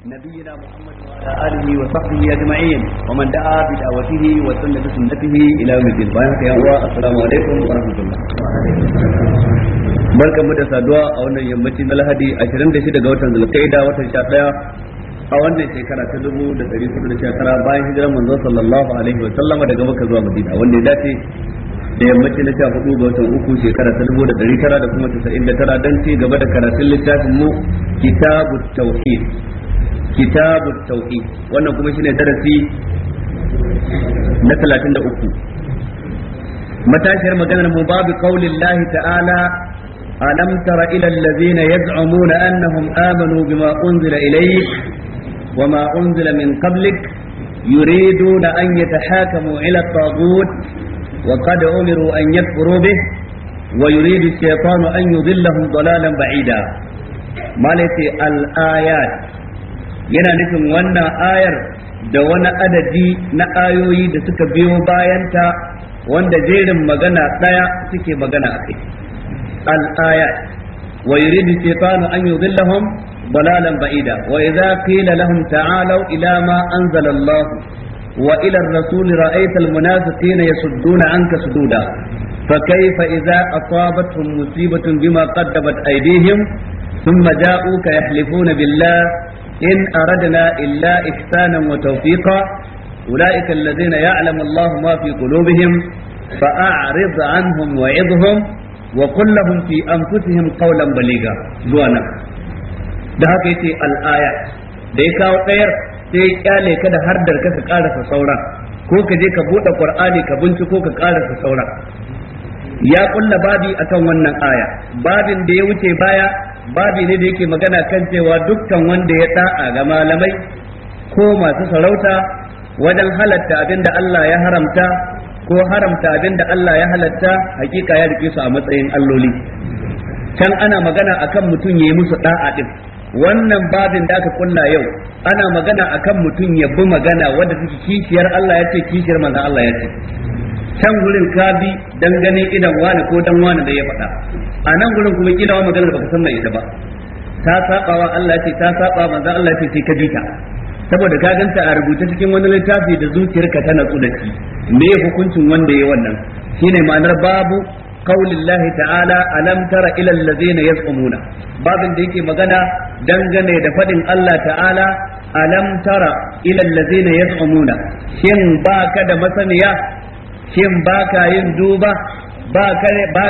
نبينا محمد وعلى آله وصحبه أجمعين ومن دعا بدعوته وسن بسنته إلى يوم الدين بارك يا الله السلام عليكم ورحمة الله barkan mu da saduwa a wannan yammaci na lahadi 26 ga watan zulkaida watan 11 a wannan shekara ta dubu da da shekara bayan hijiran manzon sallallahu alaihi wa sallama daga makka zuwa madina wanda ya dace da yammaci na 14 ga watan uku shekara ta 1999 da kuma 99 dan ci gaba da karatun littafin mu kitabut tauhid كتاب التوحيد وانا كما شنو درسي نتلا تند اكو متاشر مجانا مباب قول الله تعالى ألم تر إلى الذين يزعمون أنهم آمنوا بما أنزل إليك وما أنزل من قبلك يريدون أن يتحاكموا إلى الطاغوت وقد أمروا أن يكفروا به ويريد الشيطان أن يضلهم ضلالا بعيدا مالتي الآيات yana nufin wannan ayar da wani adadi na ayoyi da suka biyo bayan ta wanda jerin magana ɗaya suke magana a kai al ayat wa yuridu shaytanu an yudillahum dalalan ba'ida wa idza qila lahum ta'alu ila ma anzala Allah wa ila ar-rasul ra'aytal munafiqina yasudduna anka sududa fa kayfa idza asabatuhum musibatun bima qaddamat aydihim thumma ja'uka yahlifuna billah إن أردنا إلا إحسانا وتوفيقا أولئك الذين يعلم الله ما في قلوبهم فأعرض عنهم وعظهم وقل لهم في أنفسهم قولا بليغا زوانا ده الآية da ya kawo ɗayar sai ya kyale da hardar ka ka karasa sauran ko ka je ka buɗe ƙur'ani ka binciko ka karasa sauran ya kulla babi kan wannan aya babin da ya wuce baya babi ne da yake magana kan cewa dukkan wanda ya da'a ga malamai ko masu sarauta wajen halatta abin da Allah ya haramta ko haramta abin da Allah ya halatta hakika ya rike su a matsayin alloli can ana magana akan mutum ya yi musu da'a din wannan babin da aka kunna yau ana magana akan mutum ya bi magana wanda take kishiyar Allah ya ce kishiyar manzon Allah ya ce can gurin ka bi dan ganin idan wani ko dan wani da ya faɗa a nan gurin kuma kila wa maganar baka san mai ita ba ta saba wa Allah ce ta saba manzo Allah ce ka bi ta saboda ka ganta a rubuce cikin wani littafi da zuciyarka tana tsudaci me hukuncin wanda ya wannan shine ma'anar babu qaulillahi ta'ala alam tara ila allazina yaz'umuna babin da yake magana dangane da fadin Allah ta'ala alam tara ila allazina yaz'umuna shin ba ka da masaniya shin ba ka yin duba ba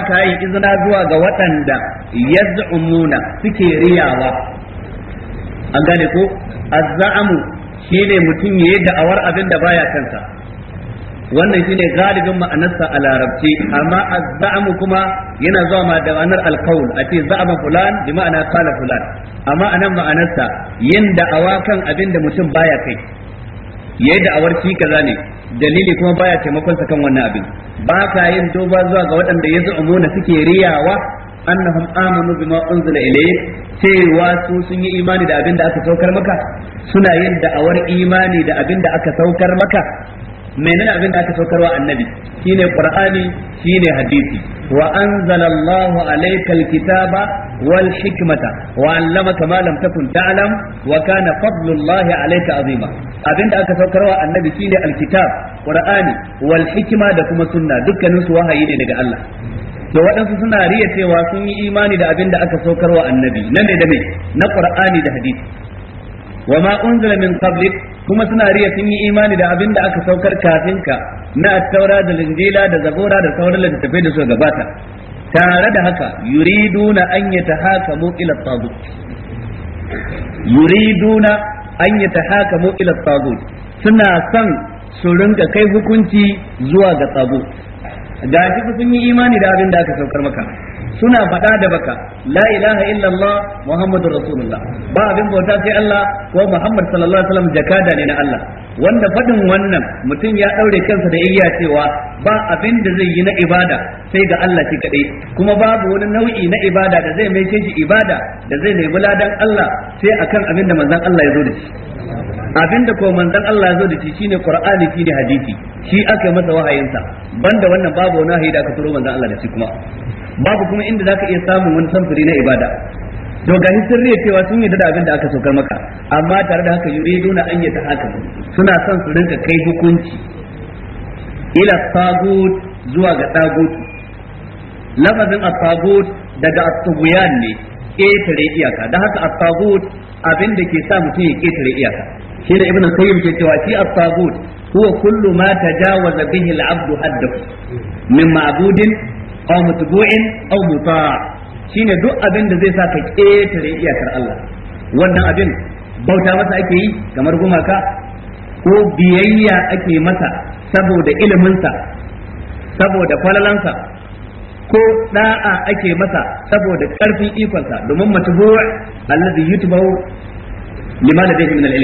ka yin izina zuwa ga waɗanda yaz'umuna suke riyawa an gane ko azza'amu shine mutum yayi da'awar abin da baya kansa wannan shine galibin ma'anarsa a larabci amma azza'amu kuma yana zuwa ma da ma'anar alqaul a ce za'ama fulan bi ma'ana qala fulan amma anan ma'anarsa yin da'awa kan abin da mutum baya kai yayi da'awar shi kaza ne dalili kuma baya taimakon sa kan wannan abin ba ka yin duba zuwa ga waɗanda ya zu'umuna suke riyawa annahum amanu bima unzila ilayk cewa su sun yi imani da abin da aka saukar maka suna yin da'awar imani da abin da aka saukar maka menene abin da aka saukarwa annabi shine qur'ani shine hadisi wa anzalallahu alaykal kitaba wal hikmata wa 'allamaka takun ta'lam wa kana fadlullahi alaika 'azima abinda aka saukarwa annabi shine alkitab qur'ani wal hikma da kuma sunna dukkanin su wahayi ne daga Allah to waɗansu suna riya cewa sun yi imani da abinda aka saukarwa annabi na ne da ne na Ƙur'ani da hadisi wa ma unzila min qablik kuma suna riya sun yi imani da abin da aka saukar kafinka ka na taura da linjila da zabura da sauran littattafai da suka gabata tare da haka yuriduna an mu ila tagut yuriduna an mu ila tagut suna son su rinka kai hukunci zuwa ga tagut gashi sun yi imani da abin da aka saukar maka suna faɗa da baka la ilaha illallah muhammadur rasulullah ba abin bauta sai Allah ko muhammad sallallahu alaihi wasallam jakada ne na Allah wanda faɗin wannan mutum ya ɗaure kansa da iya cewa ba abin da zai yi na ibada sai ga Allah shi kaɗai kuma babu wani nau'i na ibada da zai mai shi ibada da zai nemi ladan Allah sai akan abin da manzon Allah ya zo da shi abin da ko manzon Allah ya zo da shi shine Qur'ani shine hadisi shi aka masa wahayinsa banda wannan babu wani wahayi da aka turo manzon Allah da shi kuma babu kuma inda zaka iya samun wani samfuri na ibada to ga sirri cewa sun yarda da abin da aka saukar maka amma tare da haka yuriduna an yata haka suna son su rinka kai hukunci ila tagut zuwa ga tagut lafazin at daga at ne ketare iyaka dan haka at-tagut abin da ke sa mutum ya ketare iyaka shi da ibnu qayyim ke cewa shi at-tagut huwa kullu ma tajawaza bihi al-'abdu haddahu min ma'budin aw mutbu'in aw muta shine duk abin da zai sa ka tare iyakar Allah wannan abin bauta masa ake yi kamar gumaka ko biyayya ake masa saboda iliminsa saboda falalansa ko da'a ake masa saboda karfin ikonsa domin matbu' alladhi yutba'u lima ladayhi min al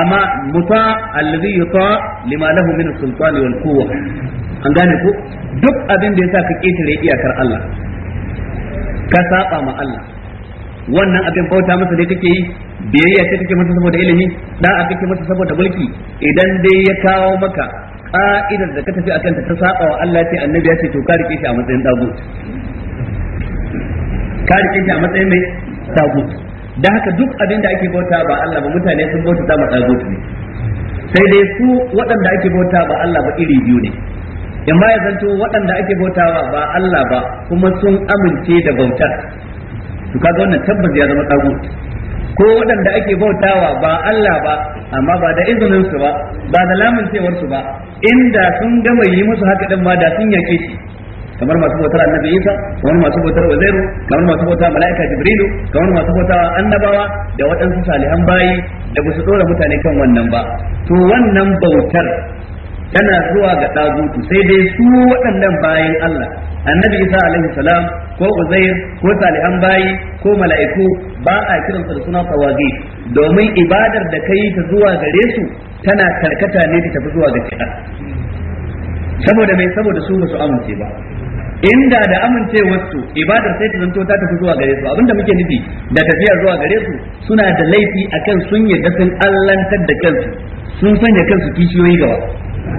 amma muta allazi yuta lima lahu min sultani wal quwwa an gane ku duk abin da ya sa ka ƙetare iyakar Allah ka saba ma Allah wannan abin bauta masa dai kake yi biyayya ce kake masa saboda ilimi da da'a kake masa saboda mulki idan dai ya kawo maka ka'idar da ka tafi akan ta saba wa Allah ce annabi ya ce to ka rike shi a matsayin dagut ka rike shi a matsayin mai dagut da haka duk abin da ake bauta ba Allah ba mutane sun bauta ma tsagut ne sai dai su waɗanda ake bauta ba Allah ba iri biyu ne in ma ya zanto waɗanda ake bautawa ba Allah ba kuma sun amince da bautar to kaga wannan tabbas ya zama tsago. ko waɗanda ake bautawa ba Allah ba amma ba da izinin su ba ba da lamuncewar su ba inda sun gama yi musu haka din ma da sun yake shi kamar masu bautar annabi Isa kamar masu bautar Uzairu kamar masu bautar malaika Jibrilu kamar masu bautar annabawa da waɗansu salihan bayi da ba su dora mutane kan wannan ba to wannan bautar tana zuwa ga dagutu sai dai su waɗannan bayan Allah annabi Isa alaihi salam ko Uzair ko salihan bayi ko mala'iku ba a su da suna tawagi domin ibadar da kai ta zuwa gare su tana karkata ne ta tafi zuwa ga kiɗa saboda mai saboda su ba su amince ba inda da amincewar su ibadar sai ta zanto ta tafi zuwa gare su abinda muke nufi da tafiyar zuwa gare su suna da laifi akan sun yadda sun allantar da kansu sun sanya kansu kishiyoyi gaba,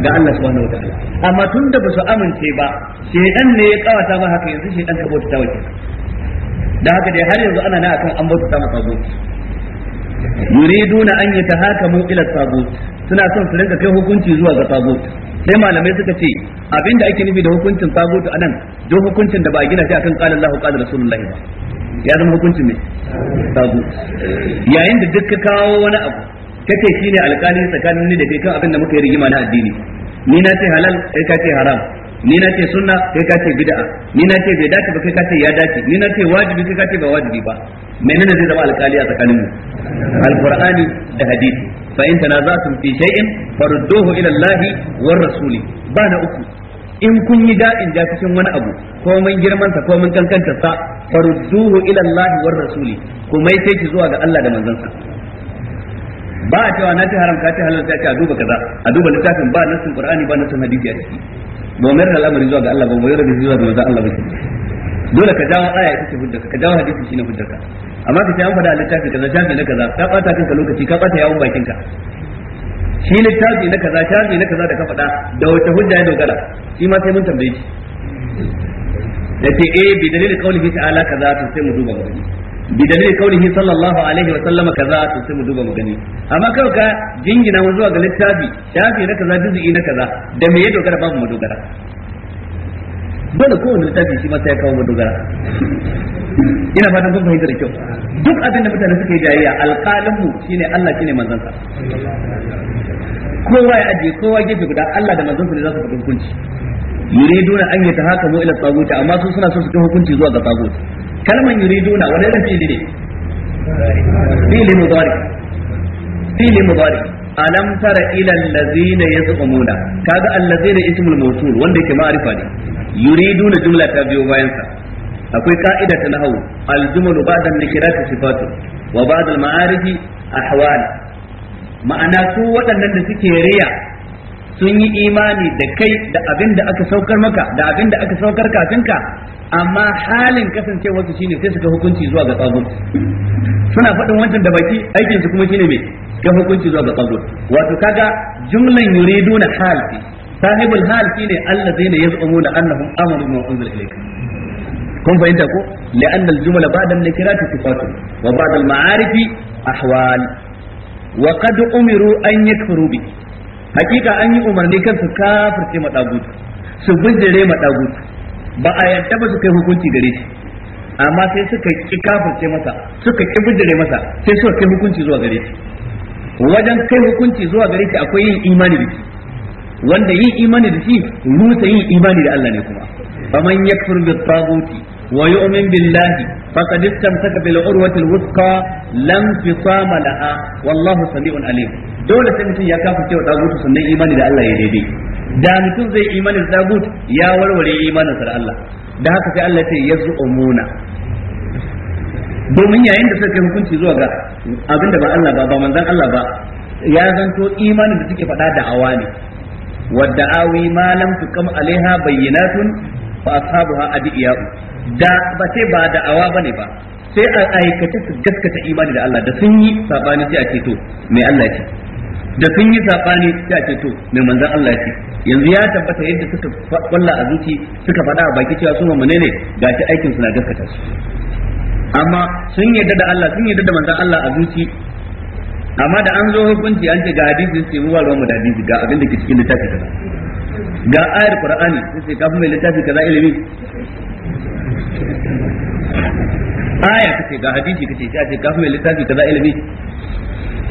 ga Allah subhanahu wa ta'ala amma tun da ba su amince ba shedan ne ya kawata ba haka yanzu shedan ka bauta ta wajen da haka dai har yanzu ana na akan an bauta ta masa yuriduna an mun ila tagut suna son su rinka kai hukunci zuwa ga tagut sai malamai suka ce abinda ake nufi da hukuncin tagut anan duk hukuncin da ba a gina shi akan qala Allahu qala rasulullahi ba ya zama hukuncin ne tagut yayin da duk ka kawo wani abu kace shine alƙali tsakanin ni da kai kan abin da muka yi rigima na addini ni na ce halal kai ka ce haram ni na ce sunna kai ka ce bid'a ni na ce bai dace ba kai ka ce ya dace ni na ce wajibi kai ka ce ba wajibi ba menene zai zama alkali a tsakaninmu alqur'ani da hadisi fa in tanaza'tum fi shay'in farudduhu ila Allah war rasuli ba na uku in kun yi da'in ja cikin wani abu ko mun girman ko mun kankanta sa farudduhu ila Allah war rasuli kuma sai ki zuwa ga Allah da manzon sa ba a cewa na ce haram ka ce halal ta ce a duba kaza a duba littafin ba nassin qur'ani ba nassin hadisi a ciki ba mai da al'amari zuwa ga Allah ba mai da zuwa ga manzon Allah ba dole ka jawo aya ita ce hujjarka ka jawo hadisi shine hujjarka amma ka ce an faɗa a littafi kaza shafi na kaza ka ɓata kanka lokaci ka ɓata yawon bakinka shi littafi na kaza shafi na kaza da ka faɗa da wata hujja ya dogara shi ma sai mun tambaye shi da ce eh bi dalilin kaulihi ta'ala kaza to sai mu duba mu bidalil kaulihi sallallahu alaihi wa sallama kaza to sai mu duba mu gani amma kawai ka jingina mu zuwa ga littafi shafi na kaza juzu'i na kaza da me ya dogara babu madogara dole kowane littafi shi ma sai ya mu dogara, ina fatan kun fahimta da kyau duk abin da mutane suke jayayya alƙalin shine Allah shine manzon sa kowa ya aje kowa gefe guda Allah da manzon sa ne za su hukunci yuriduna an yatahakamu ila tsaguti amma su suna so su ga hukunci zuwa ga tsaguti kalman yuriduna wani irin fili ne fi'ili mudari fi'ili mudari alam tara ila allazina yaz'umuna kaga allazina ismul mawsul wanda yake ma'arifa ne yuriduna jumla ta biyo bayan sa akwai ka'ida ta nahwu al jumlu ba'da nikirati sifatu wa ba'da al ma'arifi ahwal ma'ana su waɗannan da suke riya sun yi imani da kai da abin da aka saukar maka da abin da aka saukar kafinka amma halin kasancewar su shine sai suka hukunci zuwa ga tsagut suna faɗin wancan da baki aikin su kuma shine mai ga hukunci zuwa ga tsagut wato kaga jumlan yuriduna hal fi sahibul hal shine allazina yaz'umuna annahum amanu ma unzila ilayka kun fahimta ko la'anna al-jumla ba'da an-nakirati sifatu wa ba'da al-ma'arifi ahwal wa qad umiru an yakfuru bihi hakika an yi umarni kan su kafirce madagut su bijire madagut ba a yadda ba su kai hukunci gare shi amma sai suka ki kafirce masa suka ki bijire masa sai suka kai hukunci zuwa gare shi wajen kai hukunci zuwa gare shi akwai yin imani da shi wanda yin imani da shi rusa yin imani da Allah ne kuma faman yakfur bi taguti ويؤمن بالله فقد استمسك بالعروة الوثقى لم فصام لها والله سميع عليم dole sai mutum ya kafa cewa dagutu sannan imani da Allah ya daidai da mutum zai imani da dagut ya warware imanin sa da Allah da haka sai Allah ya ce yazumuna domin yayin da suka kai hukunci zuwa ga abinda ba Allah ba ba manzon Allah ba ya zanto imanin da suke faɗa da awa ne wadda awi malam ma lam tukam alaiha bayyinatun fa ashabuha adiyau da ba sai ba da awa ne ba sai a aikata su gaskata imani da Allah da sun yi sabani sai a ce to mai Allah ce da sun yi sabani sai a ce to mai manzon Allah ce yanzu ya tabbata yadda suka kwalla a zuci suka faɗa a baki cewa su mamane ne gashi aikin suna gaskata su amma sun yarda da Allah sun yarda da manzon Allah a zuci amma da an zo hukunci an ce ga hadisi sai mu ba mu da hadisi ga abin da ke cikin littafi kaza ga ayar qur'ani sai kafin mai littafi kaza ilimi aya kace ga hadisi kace sai a ce kafi mai littafi kaza ilimi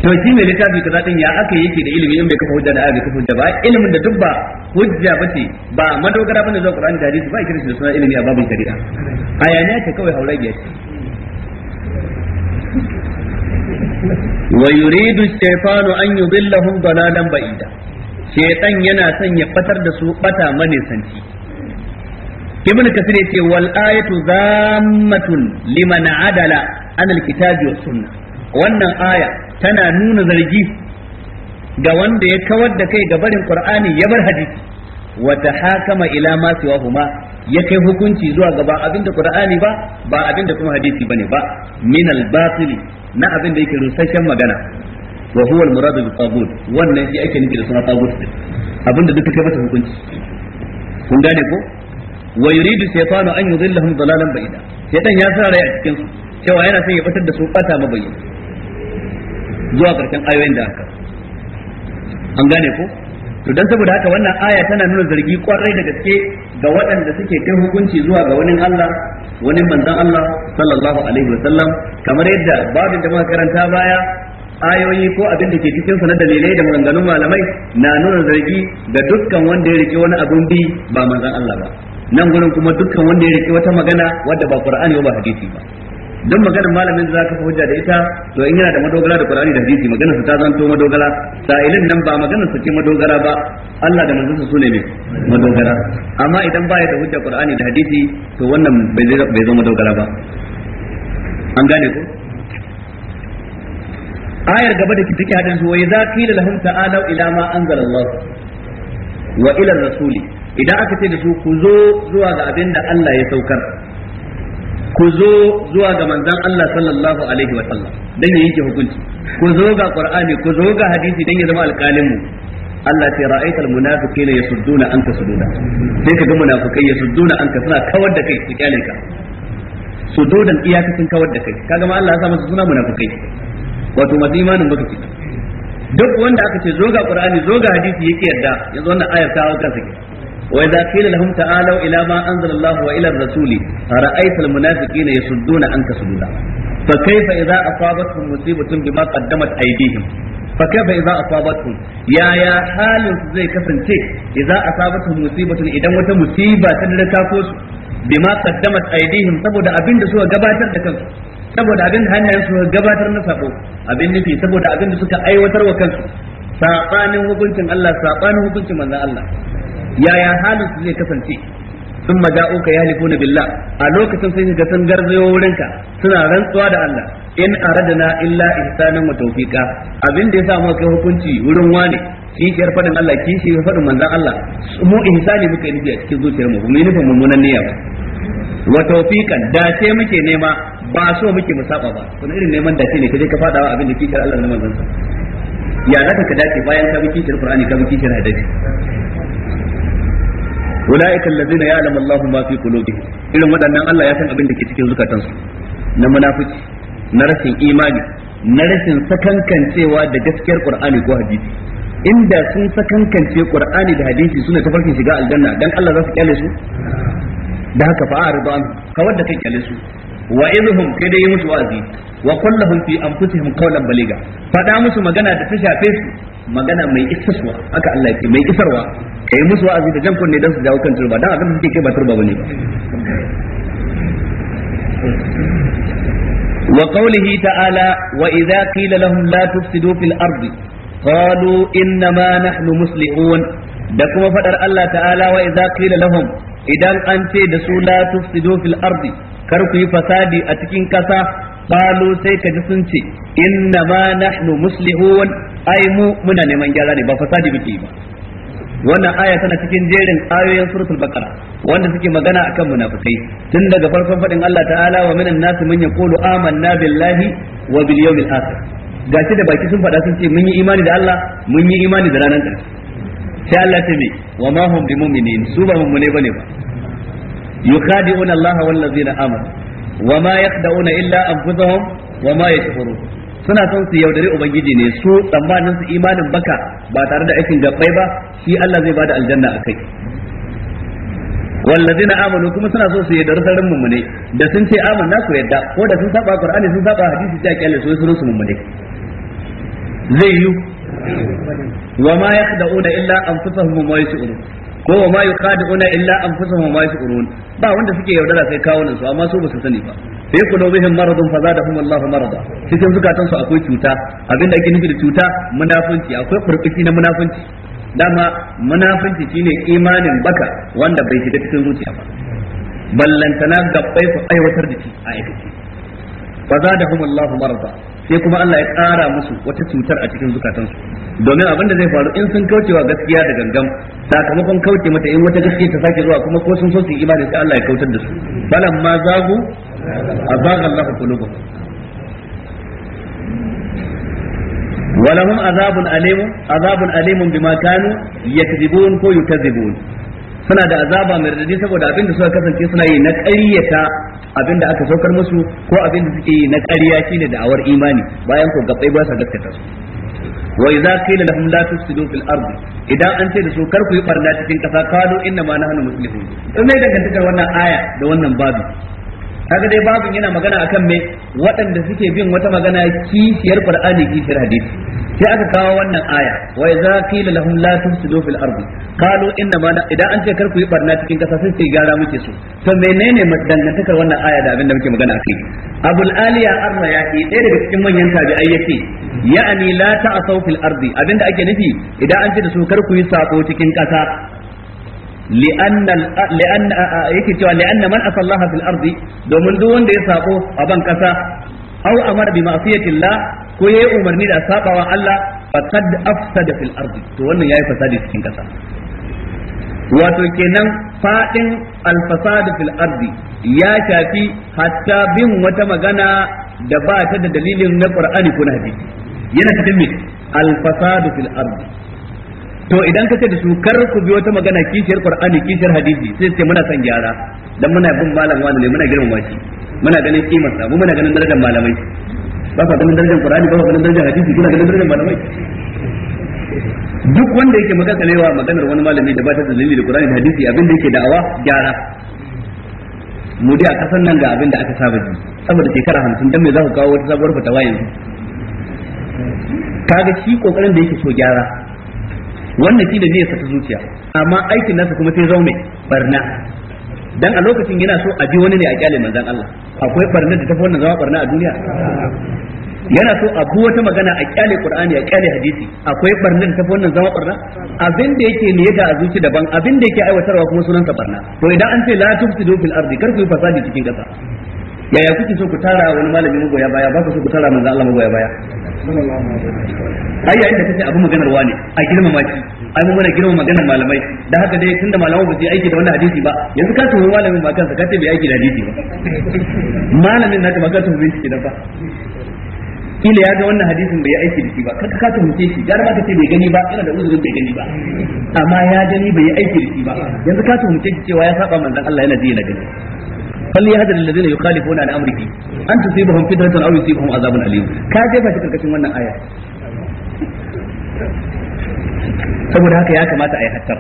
to shi mai littafi kaza din ya aka yake da ilimi in bai kafa hujja da aya bai kafa hujja ba ilimin da duk ba hujja bace ba madogara bane zuwa Qur'ani da hadisi ba kiran shi da sunan ilimi a babin shari'a aya ne ta kawai hauragiya ce yuridu shaytanu an yudillahum dalalan ba'ida. shaytan yana son ya da su bata manisanci ibn kasir yace wal ayatu zammatun liman adala an al kitabi was sunna wannan aya tana nuna zargi ga wanda ya kawar da kai ga barin qur'ani ya bar hadisi wa tahakama ila ma siwahuma ya kai hukunci zuwa ga ba abinda qur'ani ba ba abinda kuma hadisi bane ba min al batili na abinda yake rusasshen magana wa huwa al murad bi tagut wannan shi ake nufi da sunan tagut abinda duk kai masa hukunci kun gane ko wa yuridu shaytanu an yudhillahum dalalan ba'ida shaytan ya sa rai a cikin su cewa yana son ya fitar da su bata mabayyana zuwa karshen ayoyin da aka an gane ko to dan saboda haka wannan aya tana nuna zargi kwarai da gaske ga waɗanda suke kai hukunci zuwa ga wani Allah wani manzon Allah sallallahu alaihi wa sallam kamar yadda babin da muka karanta baya ayoyi ko abin da ke cikin sa na dalilai da maganganun malamai na nuna zargi ga dukkan wanda ya rike wani abun bi ba manzon Allah ba nan gurin kuma dukkan wanda ya rike wata magana wadda ba qur'ani ba hadisi ba don maganar malamin za ka fi hujja da ita to in yana da madogara da qur'ani da hadisi magana sa ta zanto madogara sa'ilin nan ba maganar sa ce madogara ba Allah da manzon sa sune ne madogara amma idan ba ya da hujja qur'ani da hadisi to wannan bai zama madogara ba an gane ko ayar gaba da take hadin su wa idza qila lahum ta'alu ila ma anzalallahu wa ila rasuli idan aka ce da su ku zo zuwa ga abin da Allah ya saukar ku zo zuwa ga manzan Allah sallallahu alaihi wa sallam dan ya yanke hukunci ku zo ga Qur'ani ku zo ga hadisi dan ya zama alƙalin mu Allah ce ra'aital munafiqina yasudduna anka sududa sai ka ga munafikai yasudduna anka suna kawar da kai su kyale ka sududan iyakacin kawar da kai kaga ma Allah ya sa musu suna munafikai wato masu imanin baka kenan duk wanda aka ce zo ga qur'ani zo ga hadisi yake yarda yanzu wannan ayar ta hauka sake وإذا قيل لهم تعالوا إلى ما أنزل الله وإلى الرسول رأيت المنافقين يصدون عنك صدودا فكيف إذا أصابتهم مصيبة بما قدمت أيديهم فكيف إذا أصابتهم يا يا حال زي كفن تي إذا أصابتهم مصيبة إذا مت مصيبة تدركاكوس بما قدمت أيديهم سبب أبين دسوا قباتر دكم saboda abin da hannayen su gabatar na sabo abin nufi saboda abin da suka aiwatar wa kansu sabanin hukuncin Allah sabanin hukuncin manzon Allah yaya halin su zai kasance sun ka ya na billah a lokacin sun ga sun garzayo wurinka suna rantsuwa da Allah in aradna illa ihsanan wa tawfiqa abin da sa mu kai hukunci wurin wane kishiyar fadin Allah kishiyar fadin manzon Allah mu ihsani muka nufi a cikin zuciyar mu mu nufin mummunan niyya ba wa tawfiqan dace muke nema ba so muke mu saba ba kuma irin neman dace ne kaje ka fadawa abin da kishiyar Allah na manzon sa ya zaka ka dace bayan ka bi kishiyar Qur'ani ka bi kishiyar hadisi ulaika allazina ya'lamu Allahu ma fi qulubihim irin waɗannan Allah ya san abin da ke cikin zukatansu na munafici na rashin imani na rashin sakankancewa da gaskiyar ƙur'ani ko hadisi inda sun sakankance Qur'ani da hadisi suna tafarkin shiga aljanna dan Allah za su kyale su da haka fa a'ridu an kawar da kai kyale su wa idhum kai dai musu wa'azi wa kullahum fi anfusihim qawlan baliga fada musu magana da ta shafe su magana mai isarwa haka Allah mai isarwa kai musu wa'azi da jan kunne dan su dawo kan turba dan abin da suke ba turba bane wa qawlihi ta'ala wa idza qila lahum la tufsidu da kuma faɗar Allah ta'ala wa lahum idan an ce da su la tufsidu fil ardi kar ku yi fasadi a cikin kasa qalu sai ka ji sun ce inna ma nahnu muslihun ai mu muna neman gyara ne ba fasadi muke ba wannan aya tana cikin jerin ayoyin suratul baqara wanda suke magana akan munafikai tun daga farkon fadin Allah ta'ala wa minan nasi man yaqulu amanna billahi wa bil yawmil akhir gashi da baki sun faɗa sun ce mun yi imani da Allah mun yi imani da ranar ƙarshe sai Allah ta me wa ma hum bimu'minin su ba mummune bane ba yukhadi'una Allah wal ladina amanu wa ma yakhda'una illa anfusahum wa ma yashkurun suna son su yaudare ubangiji ne su tsammanin su imanin baka ba tare da aikin gabbai ba shi Allah zai bada aljanna akai wallazina amanu kuma suna so su yi darsarin mummune da sun ce amanna ku yadda ko da sun saba qur'ani sun saba hadisi sai kyalle su su mummune zai yi wa ma una illa anfusahum wa ma yash'urun ko wa ma yuqaduna illa anfusahum wa ma yash'urun ba wanda suke yaudara sai nan su amma su ba su sani ba sai ku dawo bihin maradun fa zadahum Allah marada cikin zukatan su akwai cuta abinda ake nufi da cuta munafunci akwai furfuki na munafunci dama munafunci shine imanin baka wanda bai shiga cikin zuciya ba ballantana bai ku aiwatar da shi a aikace fa zadahum Allah marada sai kuma Allah ya ƙara musu wata cutar a cikin zukatansu domin abin da zai faru in sun wa gaskiya da gangan sakamakon kauce mata in wata gaskiya ta sake zuwa kuma ko sun so su yi imani sai Allah ya kautar da su balan ma zagu azagha Allahu qulubahum walahum azabun أليم azabun أليم bima kanu يكذبون ko يكذبون suna da azaba mai radadi saboda abin da suka kasance suna yi na ƙaryata abin da aka saukar musu ko abin da suke yi na ƙarya shine da'awar imani bayan ko gabai ba sa gaskata su wa idza qila lahum la tufsidu fil ardi idan an ce da su kar ku yi barna cikin kasa kalu inna ma nahnu muslimun dan ne dangantakar wannan aya da wannan babu kaga dai babin yana magana akan me waɗanda suke bin wata magana kishiyar qur'ani kishiyar hadisi sai aka kawo wannan aya wa idza qila lahum la tufsidu fil ardi qalu inna ma idan an ce kar ku yi barna cikin kasa sai sai gara muke so to menene dangantakar wannan aya da abin da muke magana akai abul aliya arna ya ɗaya da cikin manyan tabi'ai yake ya'ani la ta'asaw fil ardi abinda ake nufi idan an ce da su kar ku yi sako cikin kasa لأن لأن yake cewa لأن من أسى الله في الأرض domin duk wanda ya sako a ban kasa aw amara bi ma'siyatillah ko yayi umarni da sabawa Allah faqad afsada fil ardi to wannan yayi fasadi cikin kasa wato kenan fadin al fasad fil ya shafi hatta bin wata magana da ba ta da dalilin na Qur'ani ko na hadisi yana cikin me al fasad fil ardi to idan ka ce da su kar ku bi wata magana kishiyar qur'ani kishiyar hadisi sai ce muna son gyara dan muna bin malam wani ne muna girmama shi muna ganin kimar sa muna ganin darajar malamai ba ka ganin darajar qur'ani ba ka ganin darajar hadisi kuna ganin darajar malamai duk wanda yake magana maganar wani malami da ba ta dalili da qur'ani da hadisi abin da yake da'awa gyara mu dai a kasan nan ga abin da aka saba ji saboda shekara hamsin dan me za ku kawo wata sabuwar fatawa yanzu kaga shi kokarin da yake so gyara wannan shi da zai ta zuciya amma aikin nasa kuma sai zaume barna dan a lokacin yana so a ji wani ne a kyale manzon Allah akwai barna da tafi wannan zama barna a duniya yana so a bi wata magana a kyale Qur'ani a kyale hadisi akwai barna da tafi wannan zama barna abin da yake ne da a zuci daban abin da yake aiwatarwa kuma sunan sunansa barna to idan an ce la tufsidu fil ardi kar ku fasadi cikin kasa yaya kuke so ku tara wani malami magoya baya ba ku so ku tara manzo Allah magoya baya ayya inda kace abu maganar wani a girmama ki? ai mun mana girmama maganar malamai da haka dai tunda malamu ba su aiki da wannan hadisi ba yanzu ka tsoro malamin ba kansa ka ce bai aiki da hadisi ba malamin na ta ba ka tuhumi shi da ba kila ya ga wannan hadisin bai aiki da shi ba kaka ka tsoro shi gar ma kace bai gani ba yana da uzurin bai gani ba amma ya gani bai aiki da shi ba yanzu ka tsoro shi cewa ya saba manzon Allah yana ji na gani ya falyahdhar alladhina yukhalifuna an amrihi an tusibahum fitnatun aw yusibahum azabun alim ka jefa shi karkashin wannan aya saboda haka ya kamata a yi hattar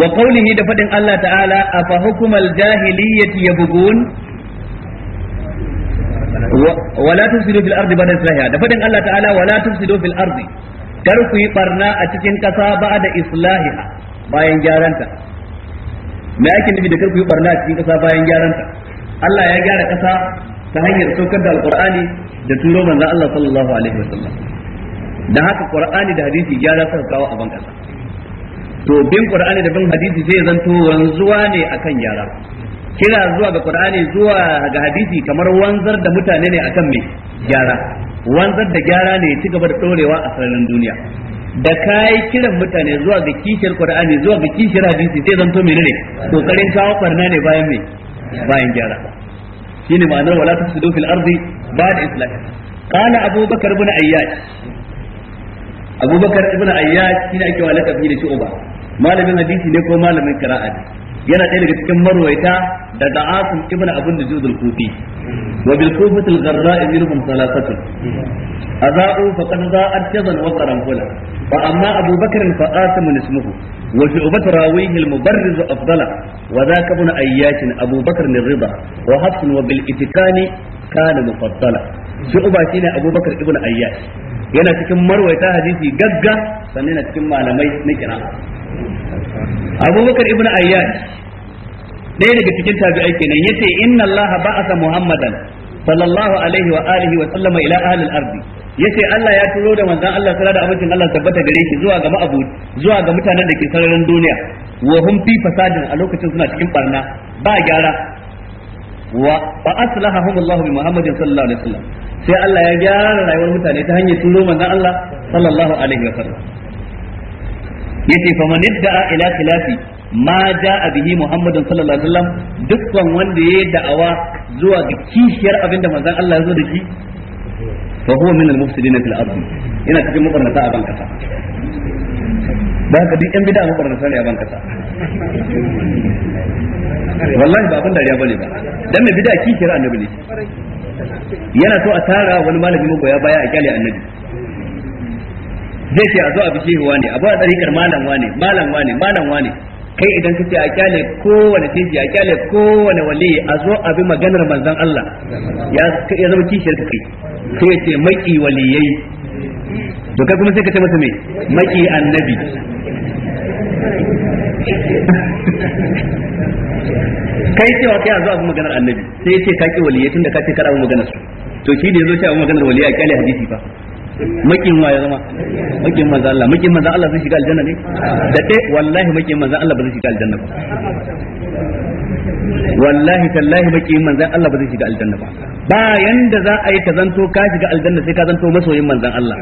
wa qawlihi da fadin Allah ta'ala afa hukumal jahiliyyati yabghun wala tufsidu fil ardi ba'da islahiha da fadin Allah ta'ala wala tufsidu fil ardi kar ku yi barna a cikin kasa ba'da islahiha bayan gyaranta me yake nufi da kar ku yi barna a cikin kasa bayan gyaran ta Allah ya gyara kasa ta hanyar saukar da alqur'ani da turo manzon Allah sallallahu alaihi wasallam da haka qur'ani da hadisi gyara suka kawo a ban kasa to bin qur'ani da bin hadisi sai zanto wanzuwa ne akan gyara kira zuwa ga qur'ani zuwa ga hadisi kamar wanzar da mutane ne akan me gyara wanzar da gyara ne ci gaba da dorewa a sararin duniya da kai kiran mutane zuwa ga kishiyar qur'ani zuwa ga kishiyar hadisi sai zanto menene kokarin kawo barna ne bayan me bayan gyara shine ma'anar wala tufsidu fil ardi ba'd islah qala abubakar ibn ayyash abubakar ibn ayyash shine ake wa tafi da shi uba malamin hadisi ne ko malamin qira'a yana ɗaya daga cikin marwaita daga asim ibn abun da juzul kufi wa bil kufatil gharra'i minhum salasatu azau fa qad za'at jazan wa kula. fa amma abubakar fa asim ismuhu wa shu'bat rawihi al mubarriz afdala wa dhaka ibn ayyash abubakar ar-ridha wa hafs wa bil itikani kana mufaddala shu'ba shine abubakar ibn ayyash yana cikin marwaita hadisi gagga sannan cikin malamai na kira abubakar ibn ayyad ɗaya daga cikin tabi'ai kenan yace inna allaha ba'atha muhammadan sallallahu alaihi wa alihi wa sallama ila ahli al-ard yace Allah ya turo da manzon Allah sallallahu da abincin Allah tabbata gare shi zuwa ga ma'abu zuwa ga mutanen da ke sararin duniya wa hum fi fasadin a lokacin suna cikin barna ba gyara wa fa aslahahum Allah bi Muhammadin sallallahu alaihi sallam sai Allah ya gyara rayuwar mutane ta hanyar turo manzon Allah sallallahu alaihi sallam. yace fa man idda'a ila khilafi ma ja'a bihi muhammadun sallallahu alaihi wasallam dukkan wanda yayi da'awa zuwa ga kishiyar abinda manzon Allah ya zo da shi fa huwa min al-mufsidin fil ard ina cikin a ba duk yan bid'a ne a bankasa wallahi ba abin dariya bane ba dan bid'a kishiyar annabi ne yana so a tara wani malami magoya baya a kyale annabi zai ce a zo a bishe wa ne a tsarikar malam wa ne malam wa ne malam wa ne kai idan kace a kyale kowane tiji a kyale kowane wali a zo a bi maganar manzon Allah ya ya zama kishiyar kai sai ce maki waliyai to kai kuma sai ka ce masa me maki annabi kai cewa kai a zo a bi maganar annabi sai ya ce ka ki waliyai tunda ka ce kar a maganar su to shi da zo ce a bi maganar waliyai a kyale hadisi fa makin wa ya zama makin manzo Allah makin manzo Allah zai shiga aljanna ne da dai wallahi makin manzo Allah ba zai shiga aljanna ba wallahi tallahi makin manzo Allah ba zai shiga aljanna ba ba yanda za a yi ka zanto ka shiga aljanna sai ka zanto masoyin manzon Allah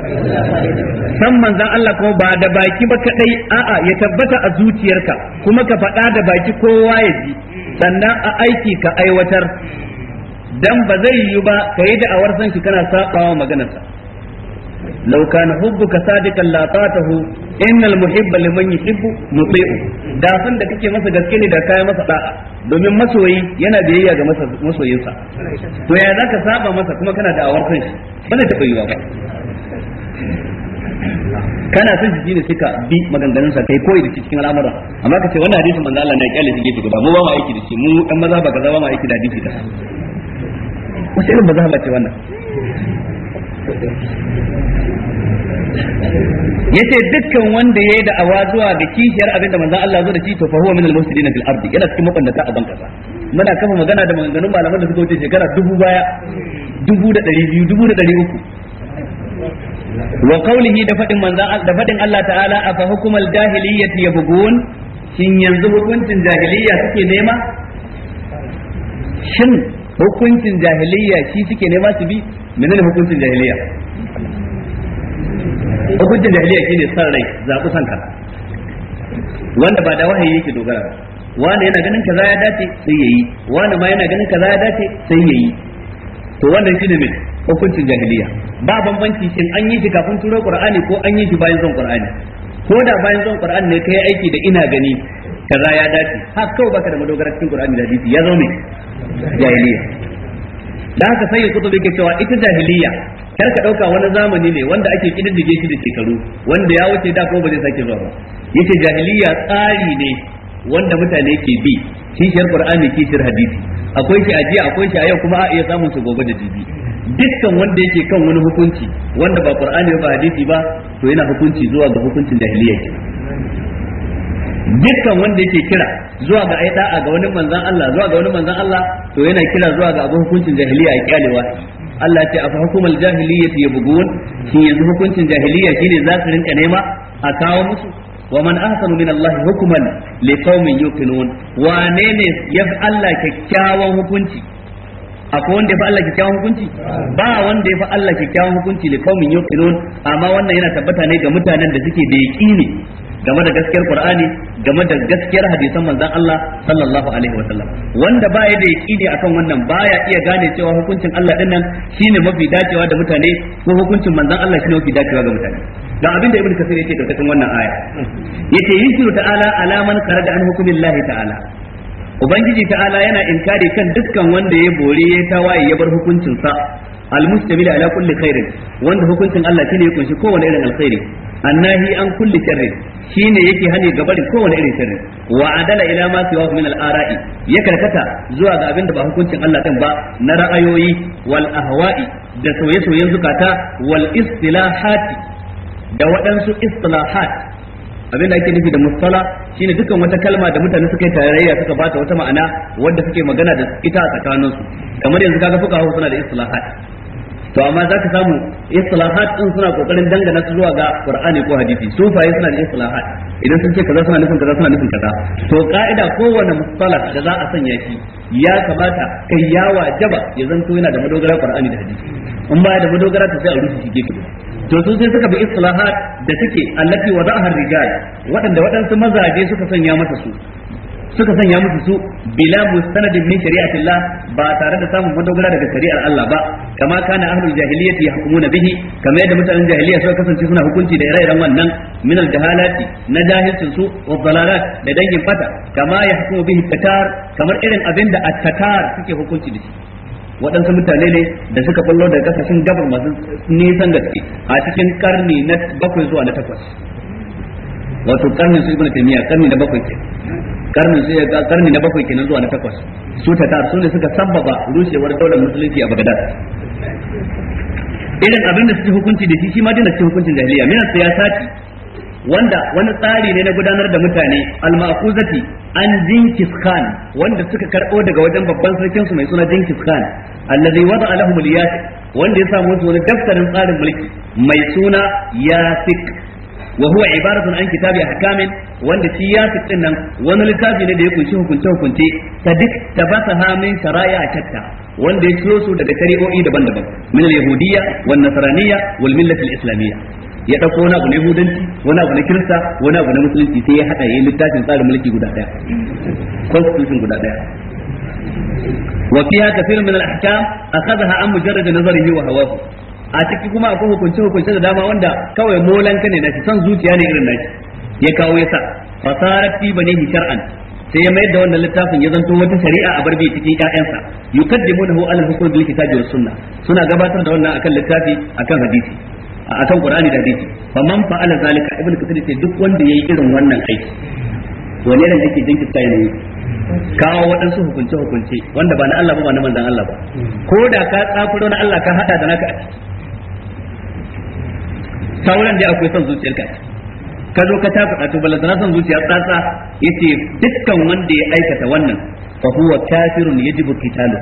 san manzon Allah kuma ba da baki ba kadai a'a ya tabbata a zuciyarka kuma ka faɗa da baki kowa ya ji sannan a aiki ka aiwatar dan ba zai yi ba kai da da'awar san shi kana sabawa maganarsa law kana hubbuka sadiqan la ta'atahu innal muhibba liman yuhibbu muti'u da san da kake masa gaske ne da kai masa da'a domin masoyi yana biyayya ga masoyinsa to ya zaka saba masa kuma kana da awar kanshi ba zai taɓa yiwa ba kana son jiki ne suka bi maganganun sa kai koyi da shi cikin al'amuran amma ka ce wannan hadisin manzo Allah na kyale shi gefe guda mu ba mu aiki da shi mu dan maza ba kaza ba mu aiki da hadisi da Wasu irin ba ba ce wannan yace dukkan wanda yayi da awa zuwa ga kishiyar abin da manzon Allah zo da shi to fa huwa min al-mufsidin fil ardi yana cikin mabannata a banka muna kafa magana da maganganun malaman da suka wuce shekara dubu baya dubu da ɗari biyu dubu da ɗari uku wa qawlihi da fadin manzon da fadin Allah ta'ala afa hukumul jahiliyyati yabghun shin yanzu hukuncin jahiliyya suke nema shin hukuncin jahiliyya shi suke nema su bi menene hukuncin jahiliya hukuncin jahiliya shine san rai zaɓi san ka wanda ba da wahayi yake dogara ba wanda yana ganin kaza ya dace sai yayi wanda ma yana ganin kaza ya dace sai yayi to wannan shine mai hukuncin jahiliya ba bambanci shin an yi shi kafin turo qur'ani ko an yi shi bayan zon qur'ani ko da bayan zon qur'ani ne kai aiki da ina gani kaza ya dace har kawai baka da madogarar cikin qur'ani da hadisi ya zo ne jahiliya da haka sai ya kutubi ke cewa ita jahiliya kar ka dauka wani zamani ne wanda ake kididdige shi da shekaru wanda ya wuce da ko ba zai sake zuwa ba yace jahiliya tsari ne wanda mutane ke bi kishiyar qur'ani kishiyar hadisi akwai shi a jiya akwai shi a yau kuma a iya samun su gobe da jibi dukkan wanda yake kan wani hukunci wanda ba qur'ani ba hadisi ba to yana hukunci zuwa ga hukuncin jahiliya kenan dukkan wanda yake kira zuwa ga ai da'a ga wani manzon Allah zuwa ga wani manzon Allah to yana kira zuwa ga abu hukuncin jahiliya a kyalewa Allah ya ce afa hukumul ya bugun shin yanzu hukuncin jahiliya shine za su rinka nema a kawo musu wa man ahsanu min Allah hukuman liqaumin yuqinun wane ne ya Allah kyakkyawan hukunci akwai wanda ya fi Allah kyakkyawan hukunci ba wanda ya fi Allah kyakkyawan hukunci liqaumin yuqinun amma wannan yana tabbata ne ga mutanen da suke da yaqini game da gaskiyar qur'ani game da gaskiyar hadisan manzon Allah sallallahu alaihi wasallam wanda baya da yaqini akan wannan baya iya gane cewa hukuncin Allah din nan shine mafi dacewa da mutane ko hukuncin manzon Allah shine mafi dacewa ga mutane ga abin da ibn kasir yake karkashin wannan aya yace yinkiru ta'ala alaman karada an hukumillahi ta'ala ubangiji ta'ala yana inkari kan dukkan wanda ya bore ya tawaye ya bar hukuncinsa almustamil ala kulli khairin wanda hukuncin Allah shine ya kunshi kowane irin alkhairi annahi an kulli sharrin shine yake hane gabarin kowane irin sharri wa adala ila ma siwa min al-ara'i ya karkata zuwa ga abinda ba hukuncin Allah din ba na ra'ayoyi wal ahwa'i da soye-soyen zukata wal istilahati da waɗansu istilahat abin da ake nufi da mustala shine dukkan wata kalma da mutane suka yi tarayya suka bata wata ma'ana wanda suke magana da ita a tsakaninsu kamar yanzu kaga fuka suna da istilahat to amma za ta samu islahat ɗin suna kokarin dangana su zuwa ga qur'ani ko hadisi sufaye suna da islahat idan sun ce kaza suna nufin kaza suna nufin kaza to ka'ida kowanne mustalah da za a sanya shi ya kamata kai ya wajaba ya zanto yana da madogara qur'ani da hadisi in ba da madogara to sai a rufe shi gefe to su sai suka bi islahat da suke allati har rijal waɗanda waɗansu mazaje suka sanya masa su suka sanya musu su bila mustanadin min Allah ba tare da samun madogara daga shari'ar Allah ba kama kana ahlul jahiliyyati yahkumuna bihi kamar yadda mutanen jahiliyya suka kasance suna hukunci da ire-iren wannan min al-jahalati na jahilcin su wa dalalat da dangin fata kama yahkumu bihi tatar kamar irin abin da at suke hukunci da shi waɗansu mutane ne da suka fallo daga kasashen gabar masu nisan gaske a cikin karni na bakwai zuwa na takwas wato karnin su ibn taymiya karni na bakwai kenan karnin su karni na bakwai kenan zuwa na takwas su ta su ne suka sabbaba rushewar daular musulunci a bagdad irin abin da suke hukunci da shi shi ma dina cikin hukuncin jahiliya ya siyasati wanda wani tsari ne na gudanar da mutane al-ma'kuzati an Jinkis Khan wanda suka karbo daga wajen babban sarkin su mai suna Jinkis Khan allazi wada'a lahum al wanda ya samu wani daftarin tsarin mulki mai suna Yasik wa huwa ibaratun an kitabi ahkamin wanda shi ya din nan wani littafi ne da ya kunshi hukunce hukunce ta duk tabasaha min shara'i shatta wanda ya ciro su daga shari'o'i daban-daban min al-yahudiyya wan nasraniyya wal islamiyya ya dauko wani abu na yahudanci wani abu na kirista wani abu na musulunci sai ya hada yayin littafin tsarin mulki guda daya constitution guda daya وفيها كثير من الأحكام أخذها عن مجرد نظره وهواه a ciki kuma akwai hukunce hukunce da dama wanda kawai molanka ne nashi san zuciya ne irin nashi ya kawo sa fasarar fi banihi shar'an sai ya mayar da wannan littafin ya zanto wata shari'a a barbe cikin ƴaƴansa yukaddimunahu ala al-hukm bil kitabi was sunnah suna gabatar da wannan akan littafi akan hadisi akan qur'ani da hadisi fa man fa'ala zalika ibn kathir sai duk wanda yayi irin wannan aiki ne irin aiki jinkirta yayi kawo waɗansu hukunce hukunce wanda ba na Allah ba ba na manzon Allah ba ko da ka tsafuro na Allah ka hada da naka a ciki sauran dai akwai son zuciyarka ka zo ka tafi ɗato balantana son zuciya tsatsa yace dukkan wanda ya aikata wannan fa huwa kafirun yajibu qitalu